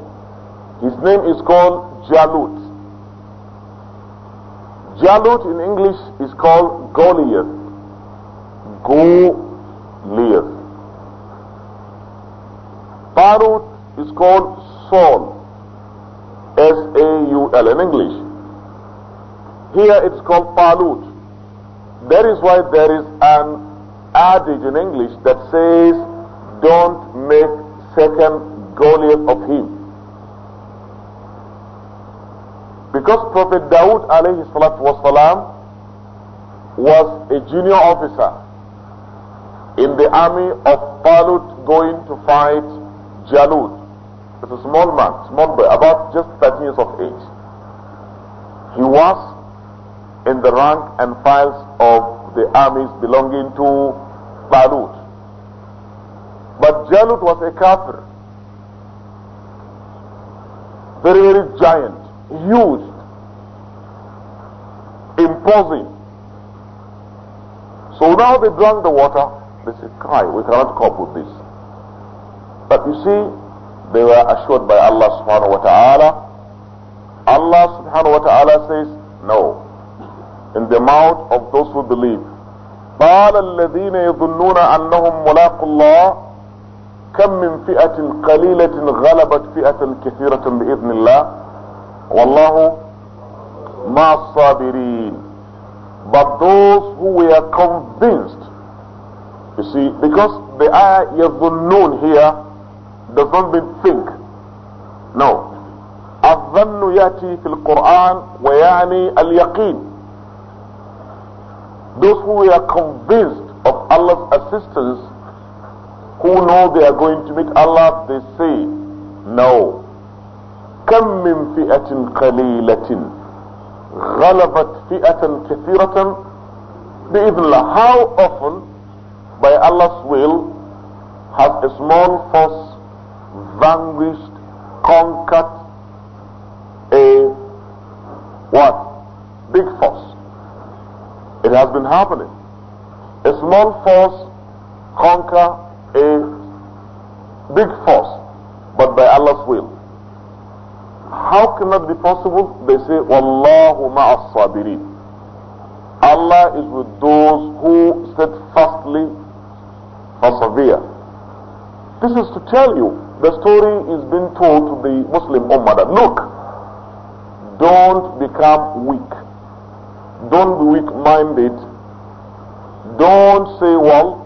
His name is called Jalut. Jalut in English is called Goliath. Goliath. Parut is called Saul. S-A-U-L in English. Here it's called Palut. That is why there is an adage in English that says, don't make second Goliath of him. Because Prophet Dawood alayhi salatu wasalam was a junior officer in the army of Talut going to fight Jalut. It's a small man, small boy, about just 13 years of age. He was in the rank and files of the armies belonging to Talut. But Jalut was a kafir. Very, very giant, huge pausing. So now they drank the water. They said, Kai, we cannot cope with this. But you see, they were assured by Allah subhanahu wa ta'ala. Allah subhanahu wa ta'ala says, No. In the mouth of those who believe. قال الذين يظنون أنهم ملاقوا الله كم من فئة قليلة غلبت فئة كثيرة بإذن الله والله مع الصابرين but those who were convinced, you see, because the ayah known here does not mean think. No. الظن يأتي في القرآن ويعني اليقين those who are convinced of Allah's assistance, who know they are going to meet Allah, they say, no. كم من فئة قليلة غلبت فئة كثيرة بإذن الله how often by Allah's will has a small force vanquished conquered a what big force it has been happening a small force conquer a big force but by Allah's will how can that be possible? They say, Wallahu ma'as sabirin. Allah is with those who steadfastly persevere. This is to tell you, the story is being told to the Muslim Ummah that look, don't become weak. Don't be weak-minded. Don't say, well,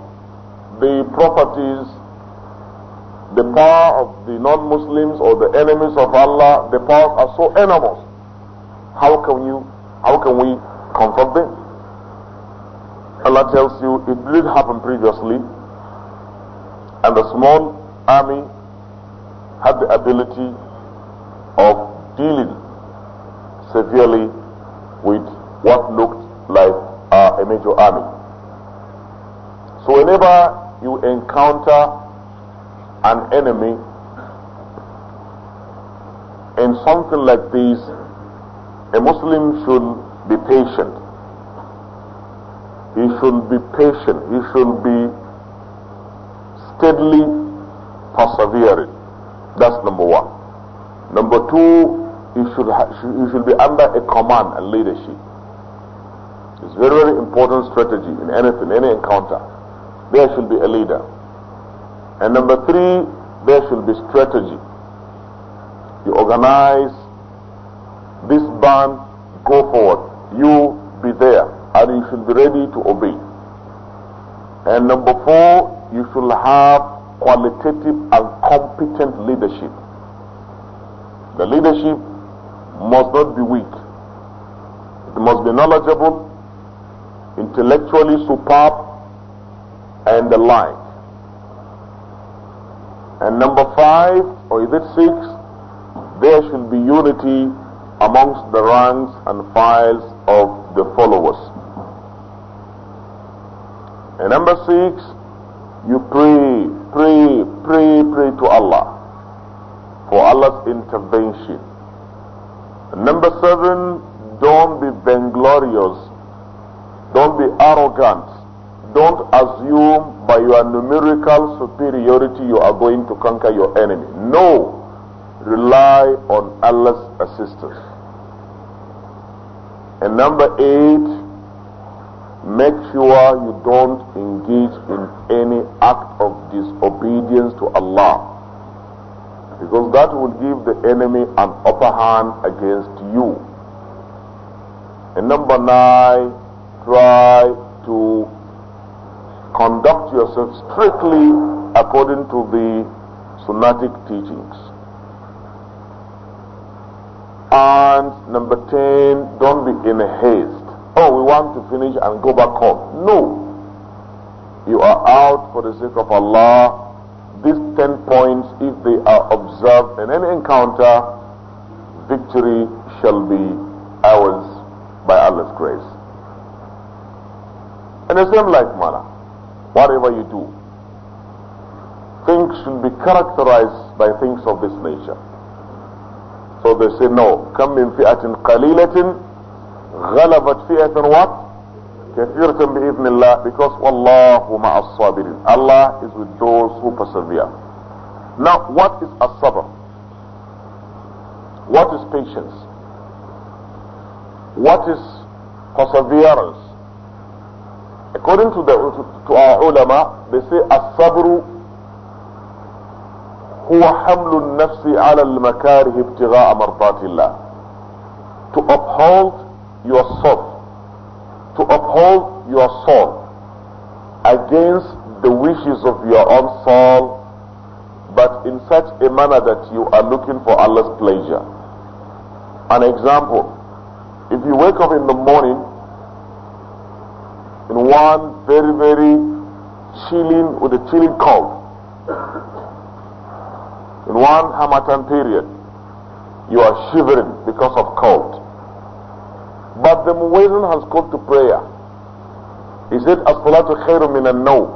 the properties the power of the non-Muslims or the enemies of Allah, the powers are so enormous. How can you, how can we confront them? Allah tells you it did happen previously and the small army had the ability of dealing severely with what looked like uh, a major army. So whenever you encounter an enemy in something like this, a Muslim should be patient. He should be patient. He should be steadily persevering. That's number one. Number two, he should, he should be under a command and leadership. It's very, very important strategy in anything, any encounter. There should be a leader. And number three, there should be strategy. You organize this band, go forward. You be there, and you should be ready to obey. And number four, you should have qualitative and competent leadership. The leadership must not be weak. It must be knowledgeable, intellectually superb, and the like. And number five, or is it six? There should be unity amongst the ranks and files of the followers. And number six, you pray, pray, pray, pray to Allah for Allah's intervention. And number seven, don't be vainglorious. Don't be arrogant. Don't assume by your numerical superiority you are going to conquer your enemy. No. Rely on Allah's assistance. And number eight, make sure you don't engage in any act of disobedience to Allah. Because that would give the enemy an upper hand against you. And number nine, try to conduct yourself strictly according to the Sunnatic teachings. And number 10, don't be in a haste. Oh, we want to finish and go back home. No. You are out for the sake of Allah. These 10 points, if they are observed in any encounter, victory shall be ours by Allah's grace. In the same like manner, whatever you do. Things should be characterized by things of this nature. So they say no. come in فئة قليلة غلبت فئة what? كثيرة بإذن الله because والله مع sabirin Allah is with those who persevere. Now what is as-sabr? What is patience? What is perseverance? According to, the, to our ulama, they say as-sabru huwa hamlun nafsi ala al-makarih ibtigha'a mardatillah. To uphold your soul, to uphold your soul against the wishes of your own soul, but in such a manner that you are looking for Allah's pleasure. An example, if you wake up in the morning in one very, very chilling, with a chilling cold. In one Hamatan period, you are shivering because of cold. But the Muwazin has called to prayer. He said, As-salatu khairu minan no.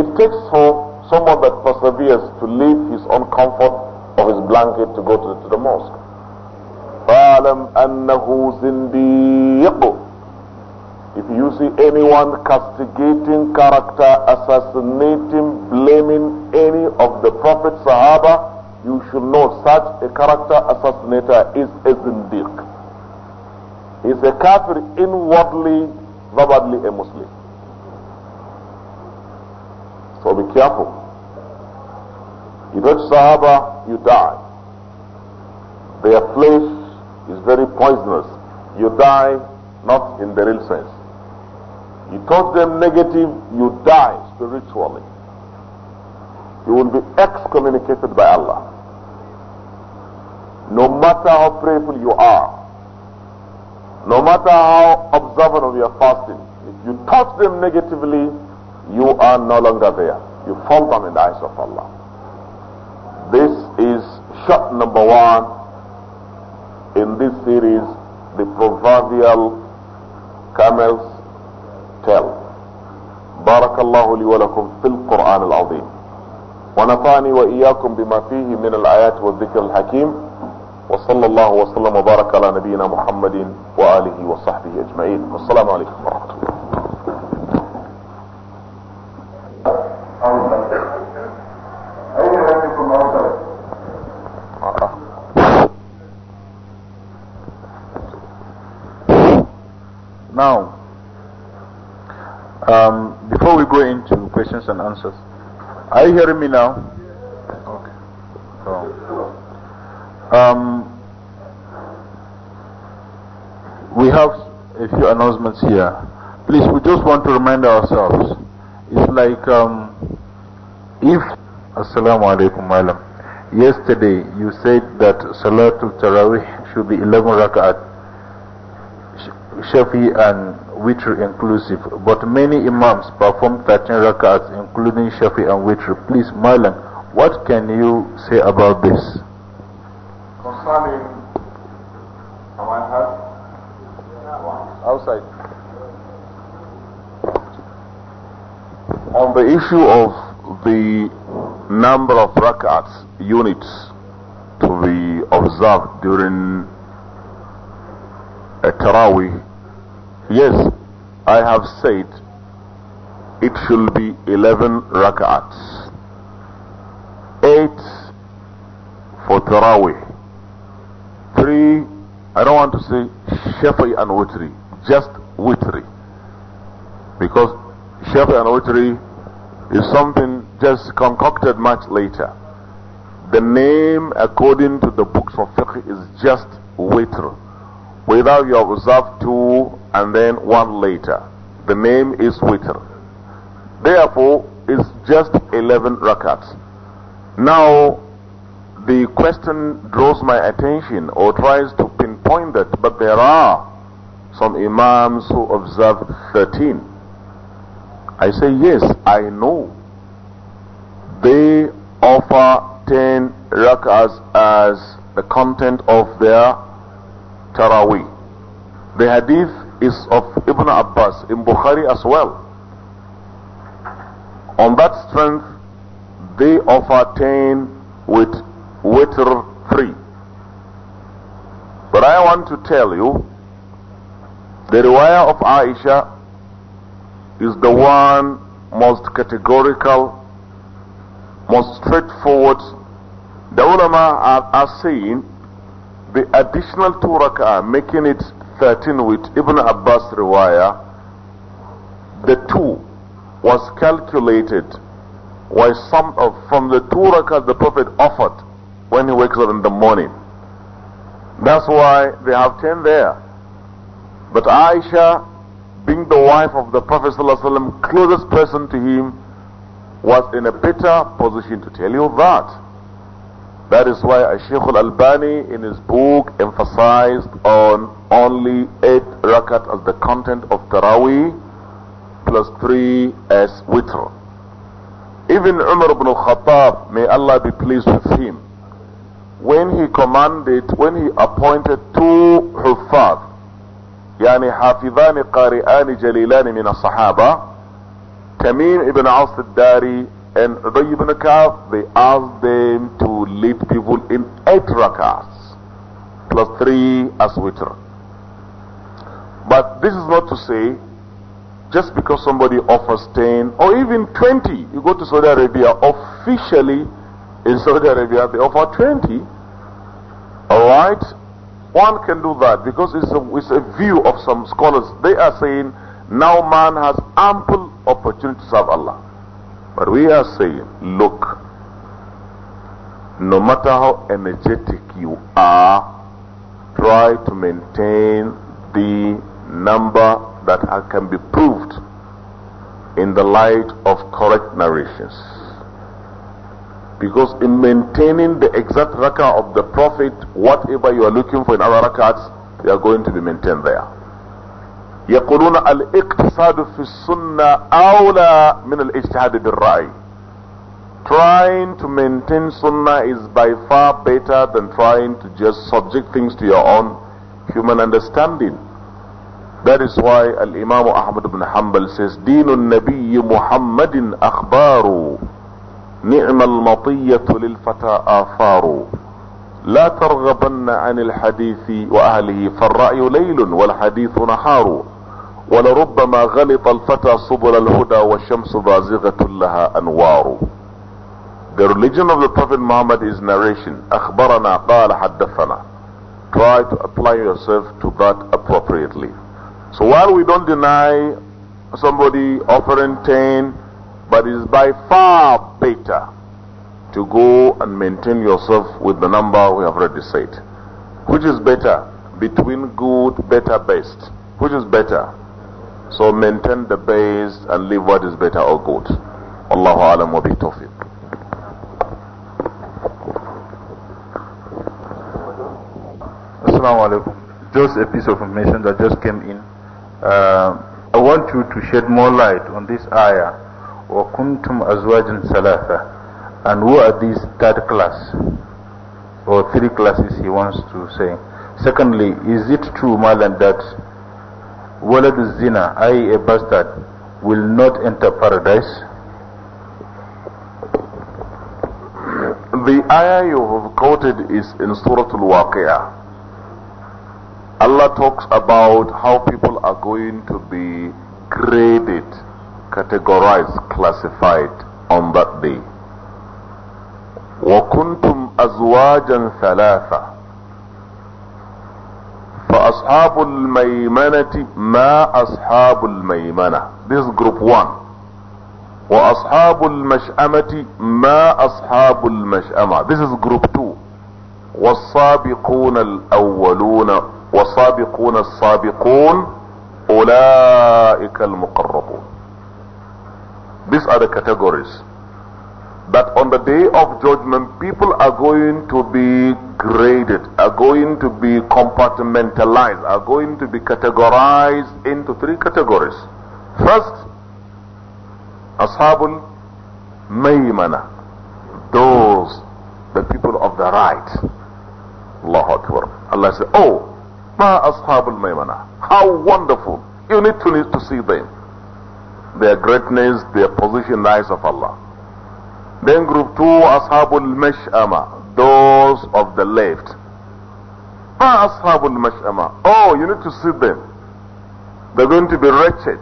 It takes for someone that perseveres to leave his own comfort of his blanket to go to the, to the mosque. أَنَّهُ زِنْدِيقٌ if you see anyone castigating character, assassinating, blaming any of the Prophet Sahaba, you should know such a character assassinator is a zindiq. He's a kafir inwardly, verbally a Muslim. So be careful. You touch Sahaba, you die. Their flesh is very poisonous. You die not in the real sense. You touch them negative, you die spiritually. You will be excommunicated by Allah. No matter how prayerful you are, no matter how observant of your fasting, if you touch them negatively, you are no longer there. You fall down in the eyes of Allah. This is shot number one in this series, the proverbial camels tell. بارك الله لي ولكم في القرآن العظيم ونفعني وإياكم بما فيه من الآيات والذكر الحكيم وصلى الله وسلم وبارك على نبينا محمد وآله وصحبه أجمعين والسلام عليكم ورحمة الله questions and answers. Are you hearing me now? Okay. So, um, we have a few announcements here. Please, we just want to remind ourselves. It's like um, if Assalamu alaikum alam. Yesterday you said that Salatul Tarawih should be 11 rak'at. Shafi and Witr inclusive, but many Imams perform 13 rak'ats including Shafi and Witr. Please, Marlon, what can you say about this? Concerning our heart? Outside. On the issue of the number of rakats, units to be observed during a Tarawih, yes, I have said it should be 11 rak'ats. 8 for Tarawih. 3, I don't want to say Shafi and Witri, just Witri. Because Shafi and Witri is something just concocted much later. The name according to the books of fiqh is just Witr. Without you have observed two and then one later. The name is Witr. Therefore, it's just 11 rakats. Now, the question draws my attention or tries to pinpoint that, but there are some Imams who observe 13. I say, yes, I know. They offer 10 rakats as the content of their Taraweeh. The hadith is of Ibn Abbas in Bukhari as well. On that strength, they offer ten with water three. But I want to tell you, the riwayah of Aisha is the one most categorical, most straightforward. The ulama are, are saying the additional two rak'ah, making it 13 with Ibn Abbas riwayah, the two was calculated why some of, from the two rakat the Prophet offered when he wakes up in the morning. That's why they have ten there. But Aisha, being the wife of the Prophet ﷺ, closest person to him, was in a better position to tell you that. That is why Sheikh al-Albani in his book emphasized on only eight rakat as the content of Taraweeh plus 3 as witr. Even Umar ibn Khattab, may Allah be pleased with him, when he commanded, when he appointed two huffaz, يعني حافظان قارئان جليلان من الصحابة Tamim ibn Aus al-Dari and Ubay ibn Ka'b, they asked them to lead people in eight rakats, plus three as witr. But this is not to say just because somebody offers 10 or even 20, you go to Saudi Arabia, officially in Saudi Arabia they offer 20. Alright? One can do that because it's a, it's a view of some scholars. They are saying now man has ample opportunity to serve Allah. But we are saying, look, no matter how energetic you are, try to maintain the number that can be proved in the light of correct narrations. Because in maintaining the exact rakah of the Prophet, whatever you are looking for in other rakats, they are going to be maintained there. يقولون الاقتصاد في السنة أولى من الاجتهاد بالرأي trying to maintain sunnah is by far better than trying to just subject things to your own human understanding That is why Al-Imam Ahmad ibn Hanbal says, دين النبي محمد أخبار نعم المطية للفتى آثار لا ترغبن عن الحديث وأهله فالرأي ليل والحديث نحار ولربما غلط الفتى سبل الهدى والشمس بازغة لها أنوار The religion of the Prophet Muhammad is narration. أخبرنا قال حدثنا. Try to apply yourself to that appropriately. So while we don't deny somebody offering 10, but it is by far better to go and maintain yourself with the number we have already said. Which is better? Between good, better, best. Which is better? So maintain the base and leave what is better or good. Allahu alam wa bi tawfiq. Assalamu Just a piece of information that just came in uh, I want you to shed more light on this ayah. وَكُنْتُمْ أَزْوَاجٍ ثَلَاثَةً And who are these third class? Or three classes he wants to say. Secondly, is it true, Malan, that Walad Zina, i.e. a bastard, will not enter paradise? The ayah you have quoted is in Surah Al-Waqi'ah. Allah talks about how people are going to be graded, categorized, classified on that day. وكنتم أزواجا ثلاثة فأصحاب الميمنة ما أصحاب الميمنة This group one وأصحاب المشأمة ما أصحاب المشأمة This is group two والسابقون الأولون والسابقون السابقون أولئك المقربون These are the categories that on the day of judgment people are going to be graded, are going to be compartmentalized, are going to be categorized into three categories. First, Ashabul Maymana, those, the people of the right. Allahu Akbar. Allah said, oh, Ma Ashabul Maimana. How wonderful. You need to need to see them. Their greatness, their position lies of Allah. Then group two, Ashabul Mash'ama. Those of the left. Ma Ashabul Mash'ama. Oh, you need to see them. They're going to be wretched,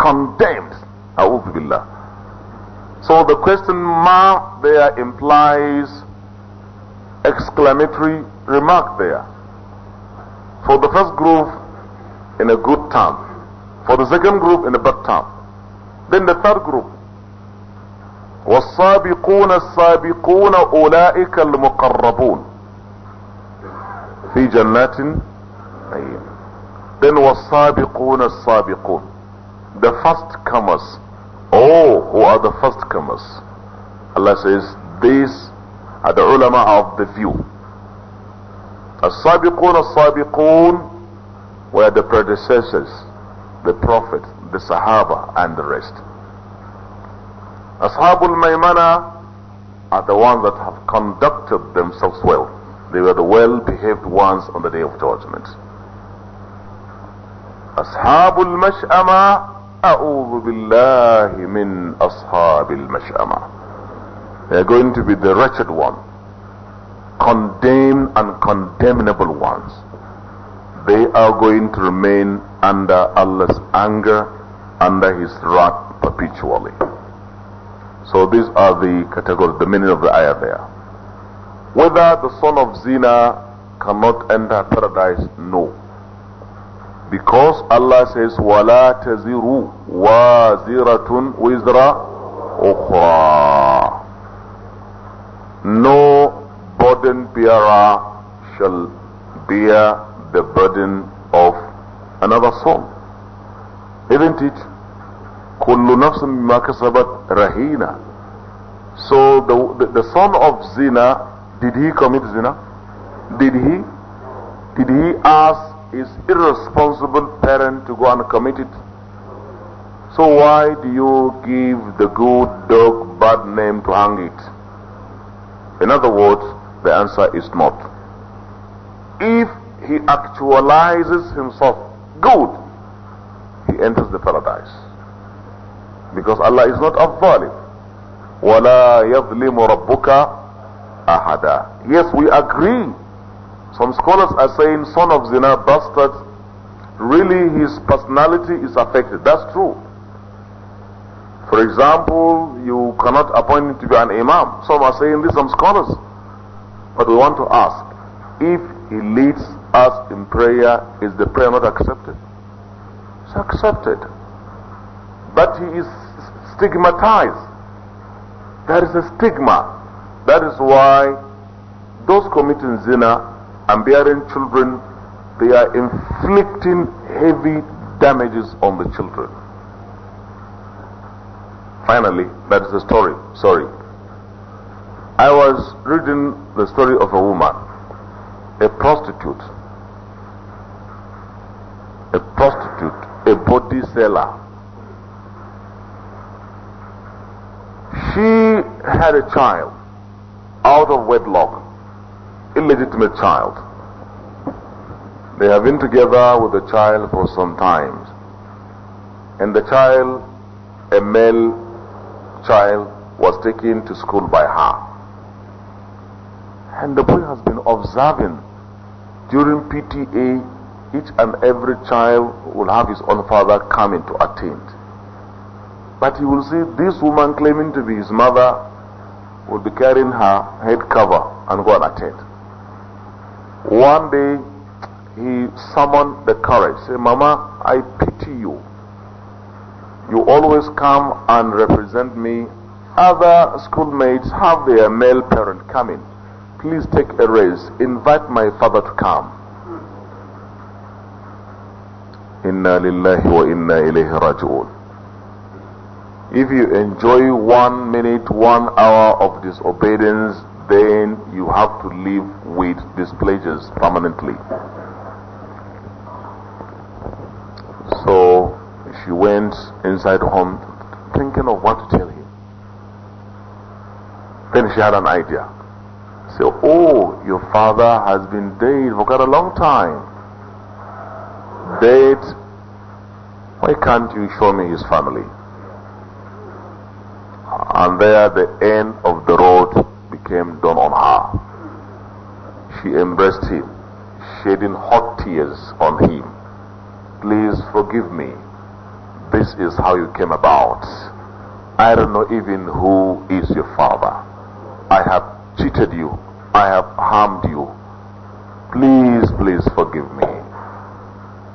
condemned. A'udhu Billah. So the question ma there implies exclamatory remark there. for the first group in a good time, for the second group in a bad time. Then the third group. والسابقون السابقون أولئك المقربون في جنات نعيم Then والسابقون السابقون The first comers Oh, who are the first comers Allah says these are the ulama of the view As-sabiqun as-sabiqun were the predecessors, the prophet, the sahaba and the rest. Ashabul maymana are the ones that have conducted themselves well. They were the well-behaved ones on the day of judgment. Ashabul mash'ama A'udhu بالله min أصحاب Mash'ama. They are going to be the wretched ones condemned and condemnable ones. They are going to remain under Allah's anger, under His wrath perpetually. So these are the categories, the meaning of the ayah there. Whether the son of Zina cannot enter paradise, no. Because Allah says, وَلَا تَزِرُوا وَازِرَةٌ وِزْرَ أُخْرَى No burden bearer shall bear the burden of another soul. Isn't it? كل نفس بما كسبت رهينة So the, the, the son of Zina, did he commit Zina? Did he? Did he ask his irresponsible parent to go and commit it? So why do you give the good dog bad name to hang it? In other words, the answer is not. If he actualizes himself good, he enters the paradise. Because Allah is not a zalim. وَلَا يَظْلِمُ رَبُّكَ أَحَدًا Yes, we agree. Some scholars are saying son of zina, bastard, really his personality is affected. That's true. For example, you cannot appoint him to be an imam. Some are saying this, some scholars. But we want to ask if he leads us in prayer, is the prayer not accepted? It's accepted. But he is stigmatized. There is a stigma. That is why those committing zina and bearing children, they are inflicting heavy damages on the children. Finally, that is the story. Sorry. I was reading the story of a woman, a prostitute, a prostitute, a body seller. She had a child out of wedlock, illegitimate child. They have been together with the child for some time. And the child, a male child, was taken to school by her and the boy has been observing during PTA, each and every child will have his own father coming to attend. But he will see this woman claiming to be his mother will be carrying her head cover and go and attend. One day he summoned the courage, say, Mama, I pity you. You always come and represent me. Other schoolmates have their male parent coming please take a raise. Invite my father to come. Inna lillahi wa inna ilayhi raji'un. If you enjoy one minute, one hour of disobedience, then you have to live with displeasures permanently. So she went inside home thinking of what to tell him. Then she had an idea say, oh, your father has been dead for quite a long time. Dead? Why can't you show me his family? And there the end of the road became dawn on her. She embraced him, shedding hot tears on him. Please forgive me. This is how you came about. I don't know even who is your father. I have cheated you. I have harmed you. Please, please forgive me.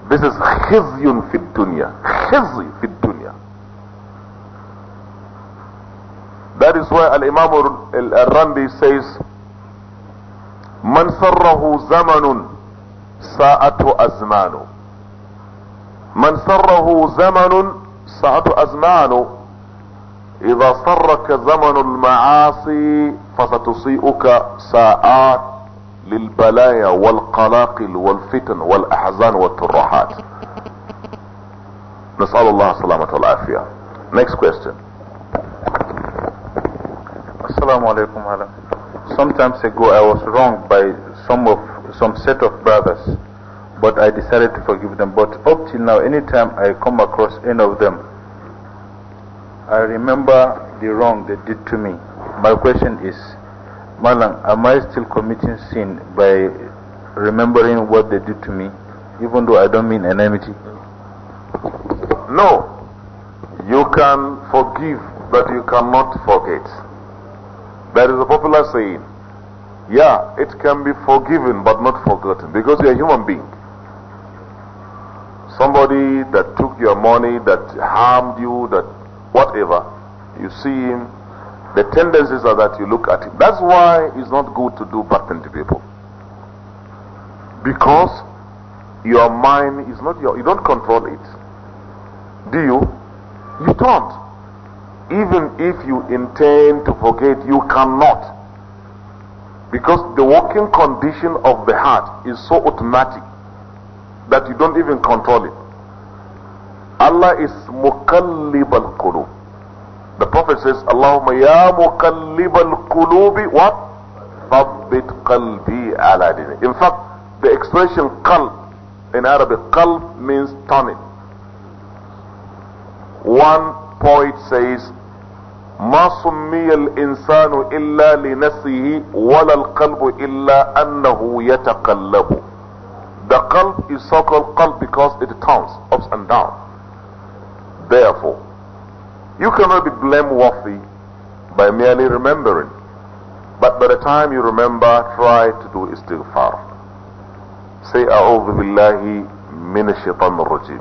This is khizyun fid dunya. Khizy fid dunya. That is why Al-Imam Al-Randi says, من سره زمن ساءته أزمانه من سره زمن ساءته أزمانه اذا صرك زمن المعاصي فستسيئك ساعات للبلايا والقلاقل والفتن والاحزان والترهات نسأل الله السلامة والعافية next question Assalamu alaikum ala. Sometimes ago I was wronged by some of some set of brothers, but I decided to forgive them. But up till now, anytime I come across any of them, I remember the wrong they did to me. My question is, Malang, am I still committing sin by remembering what they did to me, even though I don't mean enmity? No. You can forgive, but you cannot forget. There is a popular saying, yeah, it can be forgiven but not forgotten because you're a human being. Somebody that took your money, that harmed you, that whatever, you see him, the tendencies are that you look at him. That's why it's not good to do pattern to people. Because your mind is not your, you don't control it. Do you? You don't. Even if you intend to forget, you cannot. Because the working condition of the heart is so automatic that you don't even control it. Allah is مقلب qulub the prophet says Allahumma ya مقلب qulub what thabbit qalbi ala dini. in fact the expression qalb in Arabic qalb means turning. one poet says ما سمي الانسان الا لنفسه ولا القلب الا انه يتقلب The qalb is so called qalb because it turns ups and down. Therefore, you cannot be blameworthy by merely remembering. But by the time you remember, try to do istighfar. Say, A'udhu Billahi Minash Shaitanir Rajim.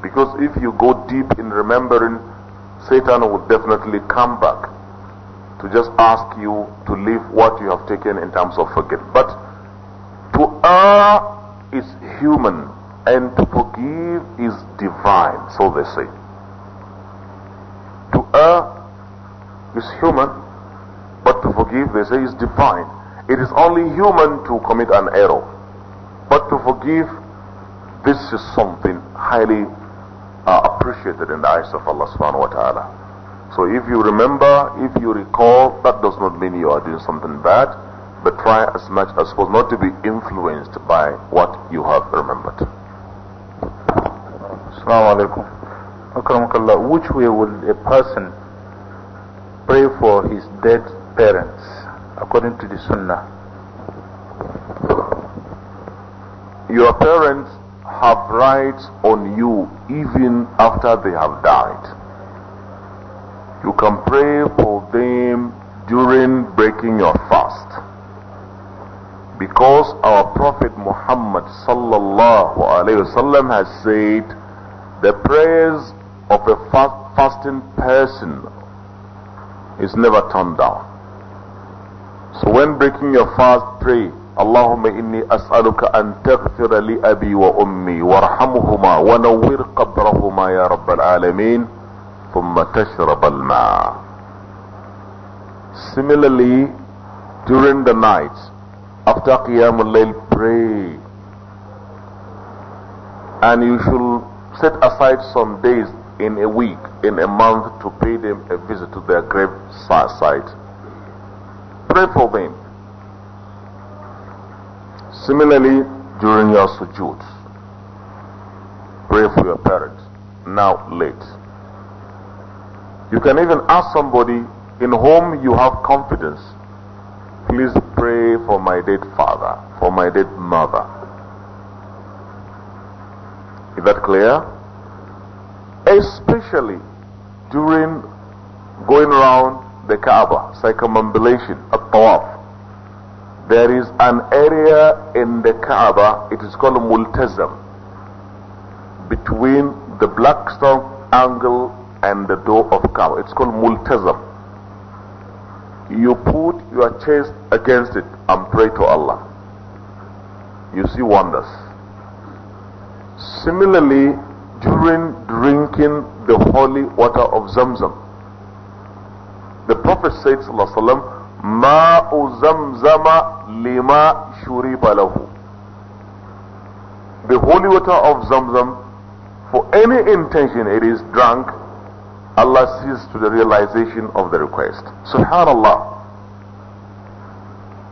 Because if you go deep in remembering, Satan will definitely come back to just ask you to leave what you have taken in terms of forget. But to err is human and to forgive is divine, so they say. To err is human, but to forgive, they say, is divine. It is only human to commit an error, but to forgive, this is something highly uh, appreciated in the eyes of Allah subhanahu wa ta'ala. So if you remember, if you recall, that does not mean you are doing something bad, but try as much as possible not to be influenced by what you have remembered. Assalamu alaikum. Akramakallah, which way will a person pray for his dead parents according to the Sunnah? Your parents have rights on you even after they have died. You can pray for them during breaking your fast. Because our Prophet Muhammad sallallahu alayhi wasallam has said, the prayers of a fasting person is never turned down. So when breaking your fast, pray, Allahumma inni as'aluka an taghfir li abi wa ummi warhamhuma wa nawwir qabrahuma ya rabb alalamin thumma tashrab al Similarly, during the nights, after qiyam layl pray. And you should set aside some days in a week, in a month to pay them a visit to their grave site. Pray for them. Similarly, during your sujood, pray for your parents. Now, late. You can even ask somebody in whom you have confidence, please pray for my dead father, for my dead mother. Is that clear? especially during going around the Kaaba, circumambulation, a tawaf. There is an area in the Kaaba, it is called Multazam, between the black stone angle and the door of Kaaba. It's called Multazam. You put your chest against it and pray to Allah. You see wonders. Similarly, during drinking the holy water of Zamzam. The Prophet said, Ma مَاءُ زَمْزَمَ لِمَا شُرِبَ The holy water of Zamzam, for any intention it is drunk, Allah sees to the realization of the request. Subhanallah.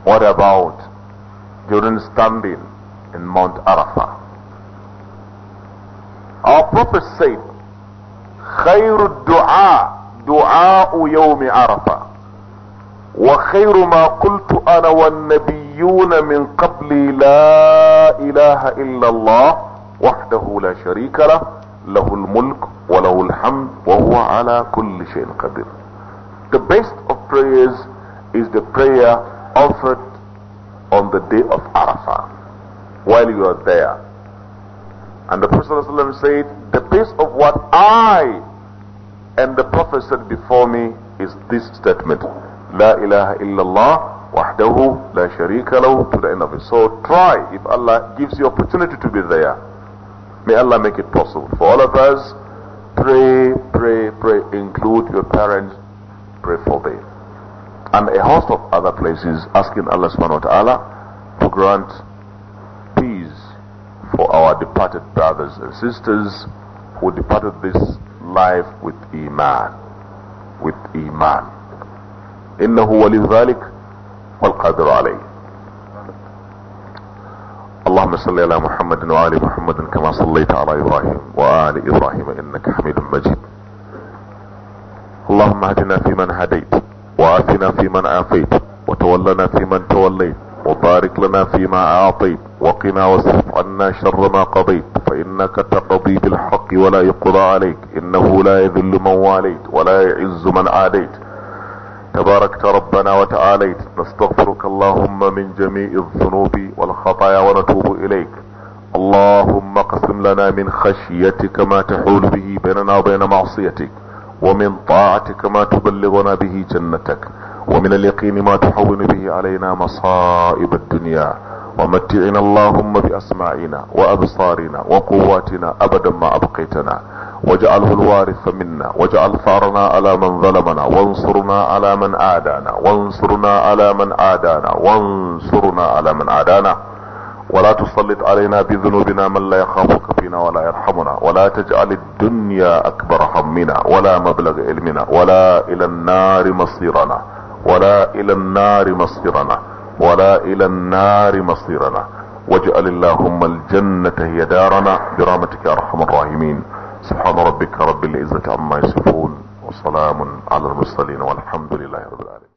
What about during standing in Mount Arafah? Our Prophet said, خير الدعاء دعاء يوم عرفة وخير ما قلت انا والنبيون من قبل لا اله الا الله وحده لا شريك له له الملك وله الحمد وهو على كل شيء قدير The best of prayers is the prayer offered on the day of Arafah while you are there And the Prophet said, The base of what I and the Prophet said before me is this statement. La ilaha illallah wahdahu la sharika lahu to the end of it. So try if Allah gives you opportunity to be there. May Allah make it possible. For all of us, pray, pray, pray. Include your parents, pray for them. And a host of other places asking Allah subhanahu wa ta'ala to grant for our departed brothers and sisters who departed this life with Iman. With Iman. إنه ولي ذلك والقادر عليه اللهم صل على محمد وآل محمد كما صليت على إبراهيم وآل إبراهيم إنك حميد مجيد اللهم اهدنا فيمن هديت وآتنا فيمن آفيت وتولنا فيمن توليت وبارك لنا فيما أعطيت وقنا واصرف عنا شر ما قضيت فانك تقضي بالحق ولا يقضى عليك انه لا يذل من واليت ولا يعز من عاديت تباركت ربنا وتعاليت نستغفرك اللهم من جميع الذنوب والخطايا ونتوب اليك اللهم اقسم لنا من خشيتك ما تحول به بيننا وبين معصيتك ومن طاعتك ما تبلغنا به جنتك ومن اليقين ما تحول به علينا مصائب الدنيا ومتعنا اللهم بأسماعنا وأبصارنا وقواتنا أبدا ما أبقيتنا واجعله الوارث منا واجعل ثارنا على من ظلمنا وانصرنا على من عادانا وانصرنا على من عادانا وانصرنا على من عادانا ولا تسلط علينا بذنوبنا من لا يخافك فينا ولا يرحمنا ولا تجعل الدنيا أكبر همنا ولا مبلغ علمنا ولا إلى النار مصيرنا ولا إلى النار مصيرنا ولا الى النار مصيرنا واجعل اللهم الجنة هي دارنا برحمتك يا ارحم الراحمين سبحان ربك رب العزة عما يصفون وسلام على المرسلين والحمد لله رب العالمين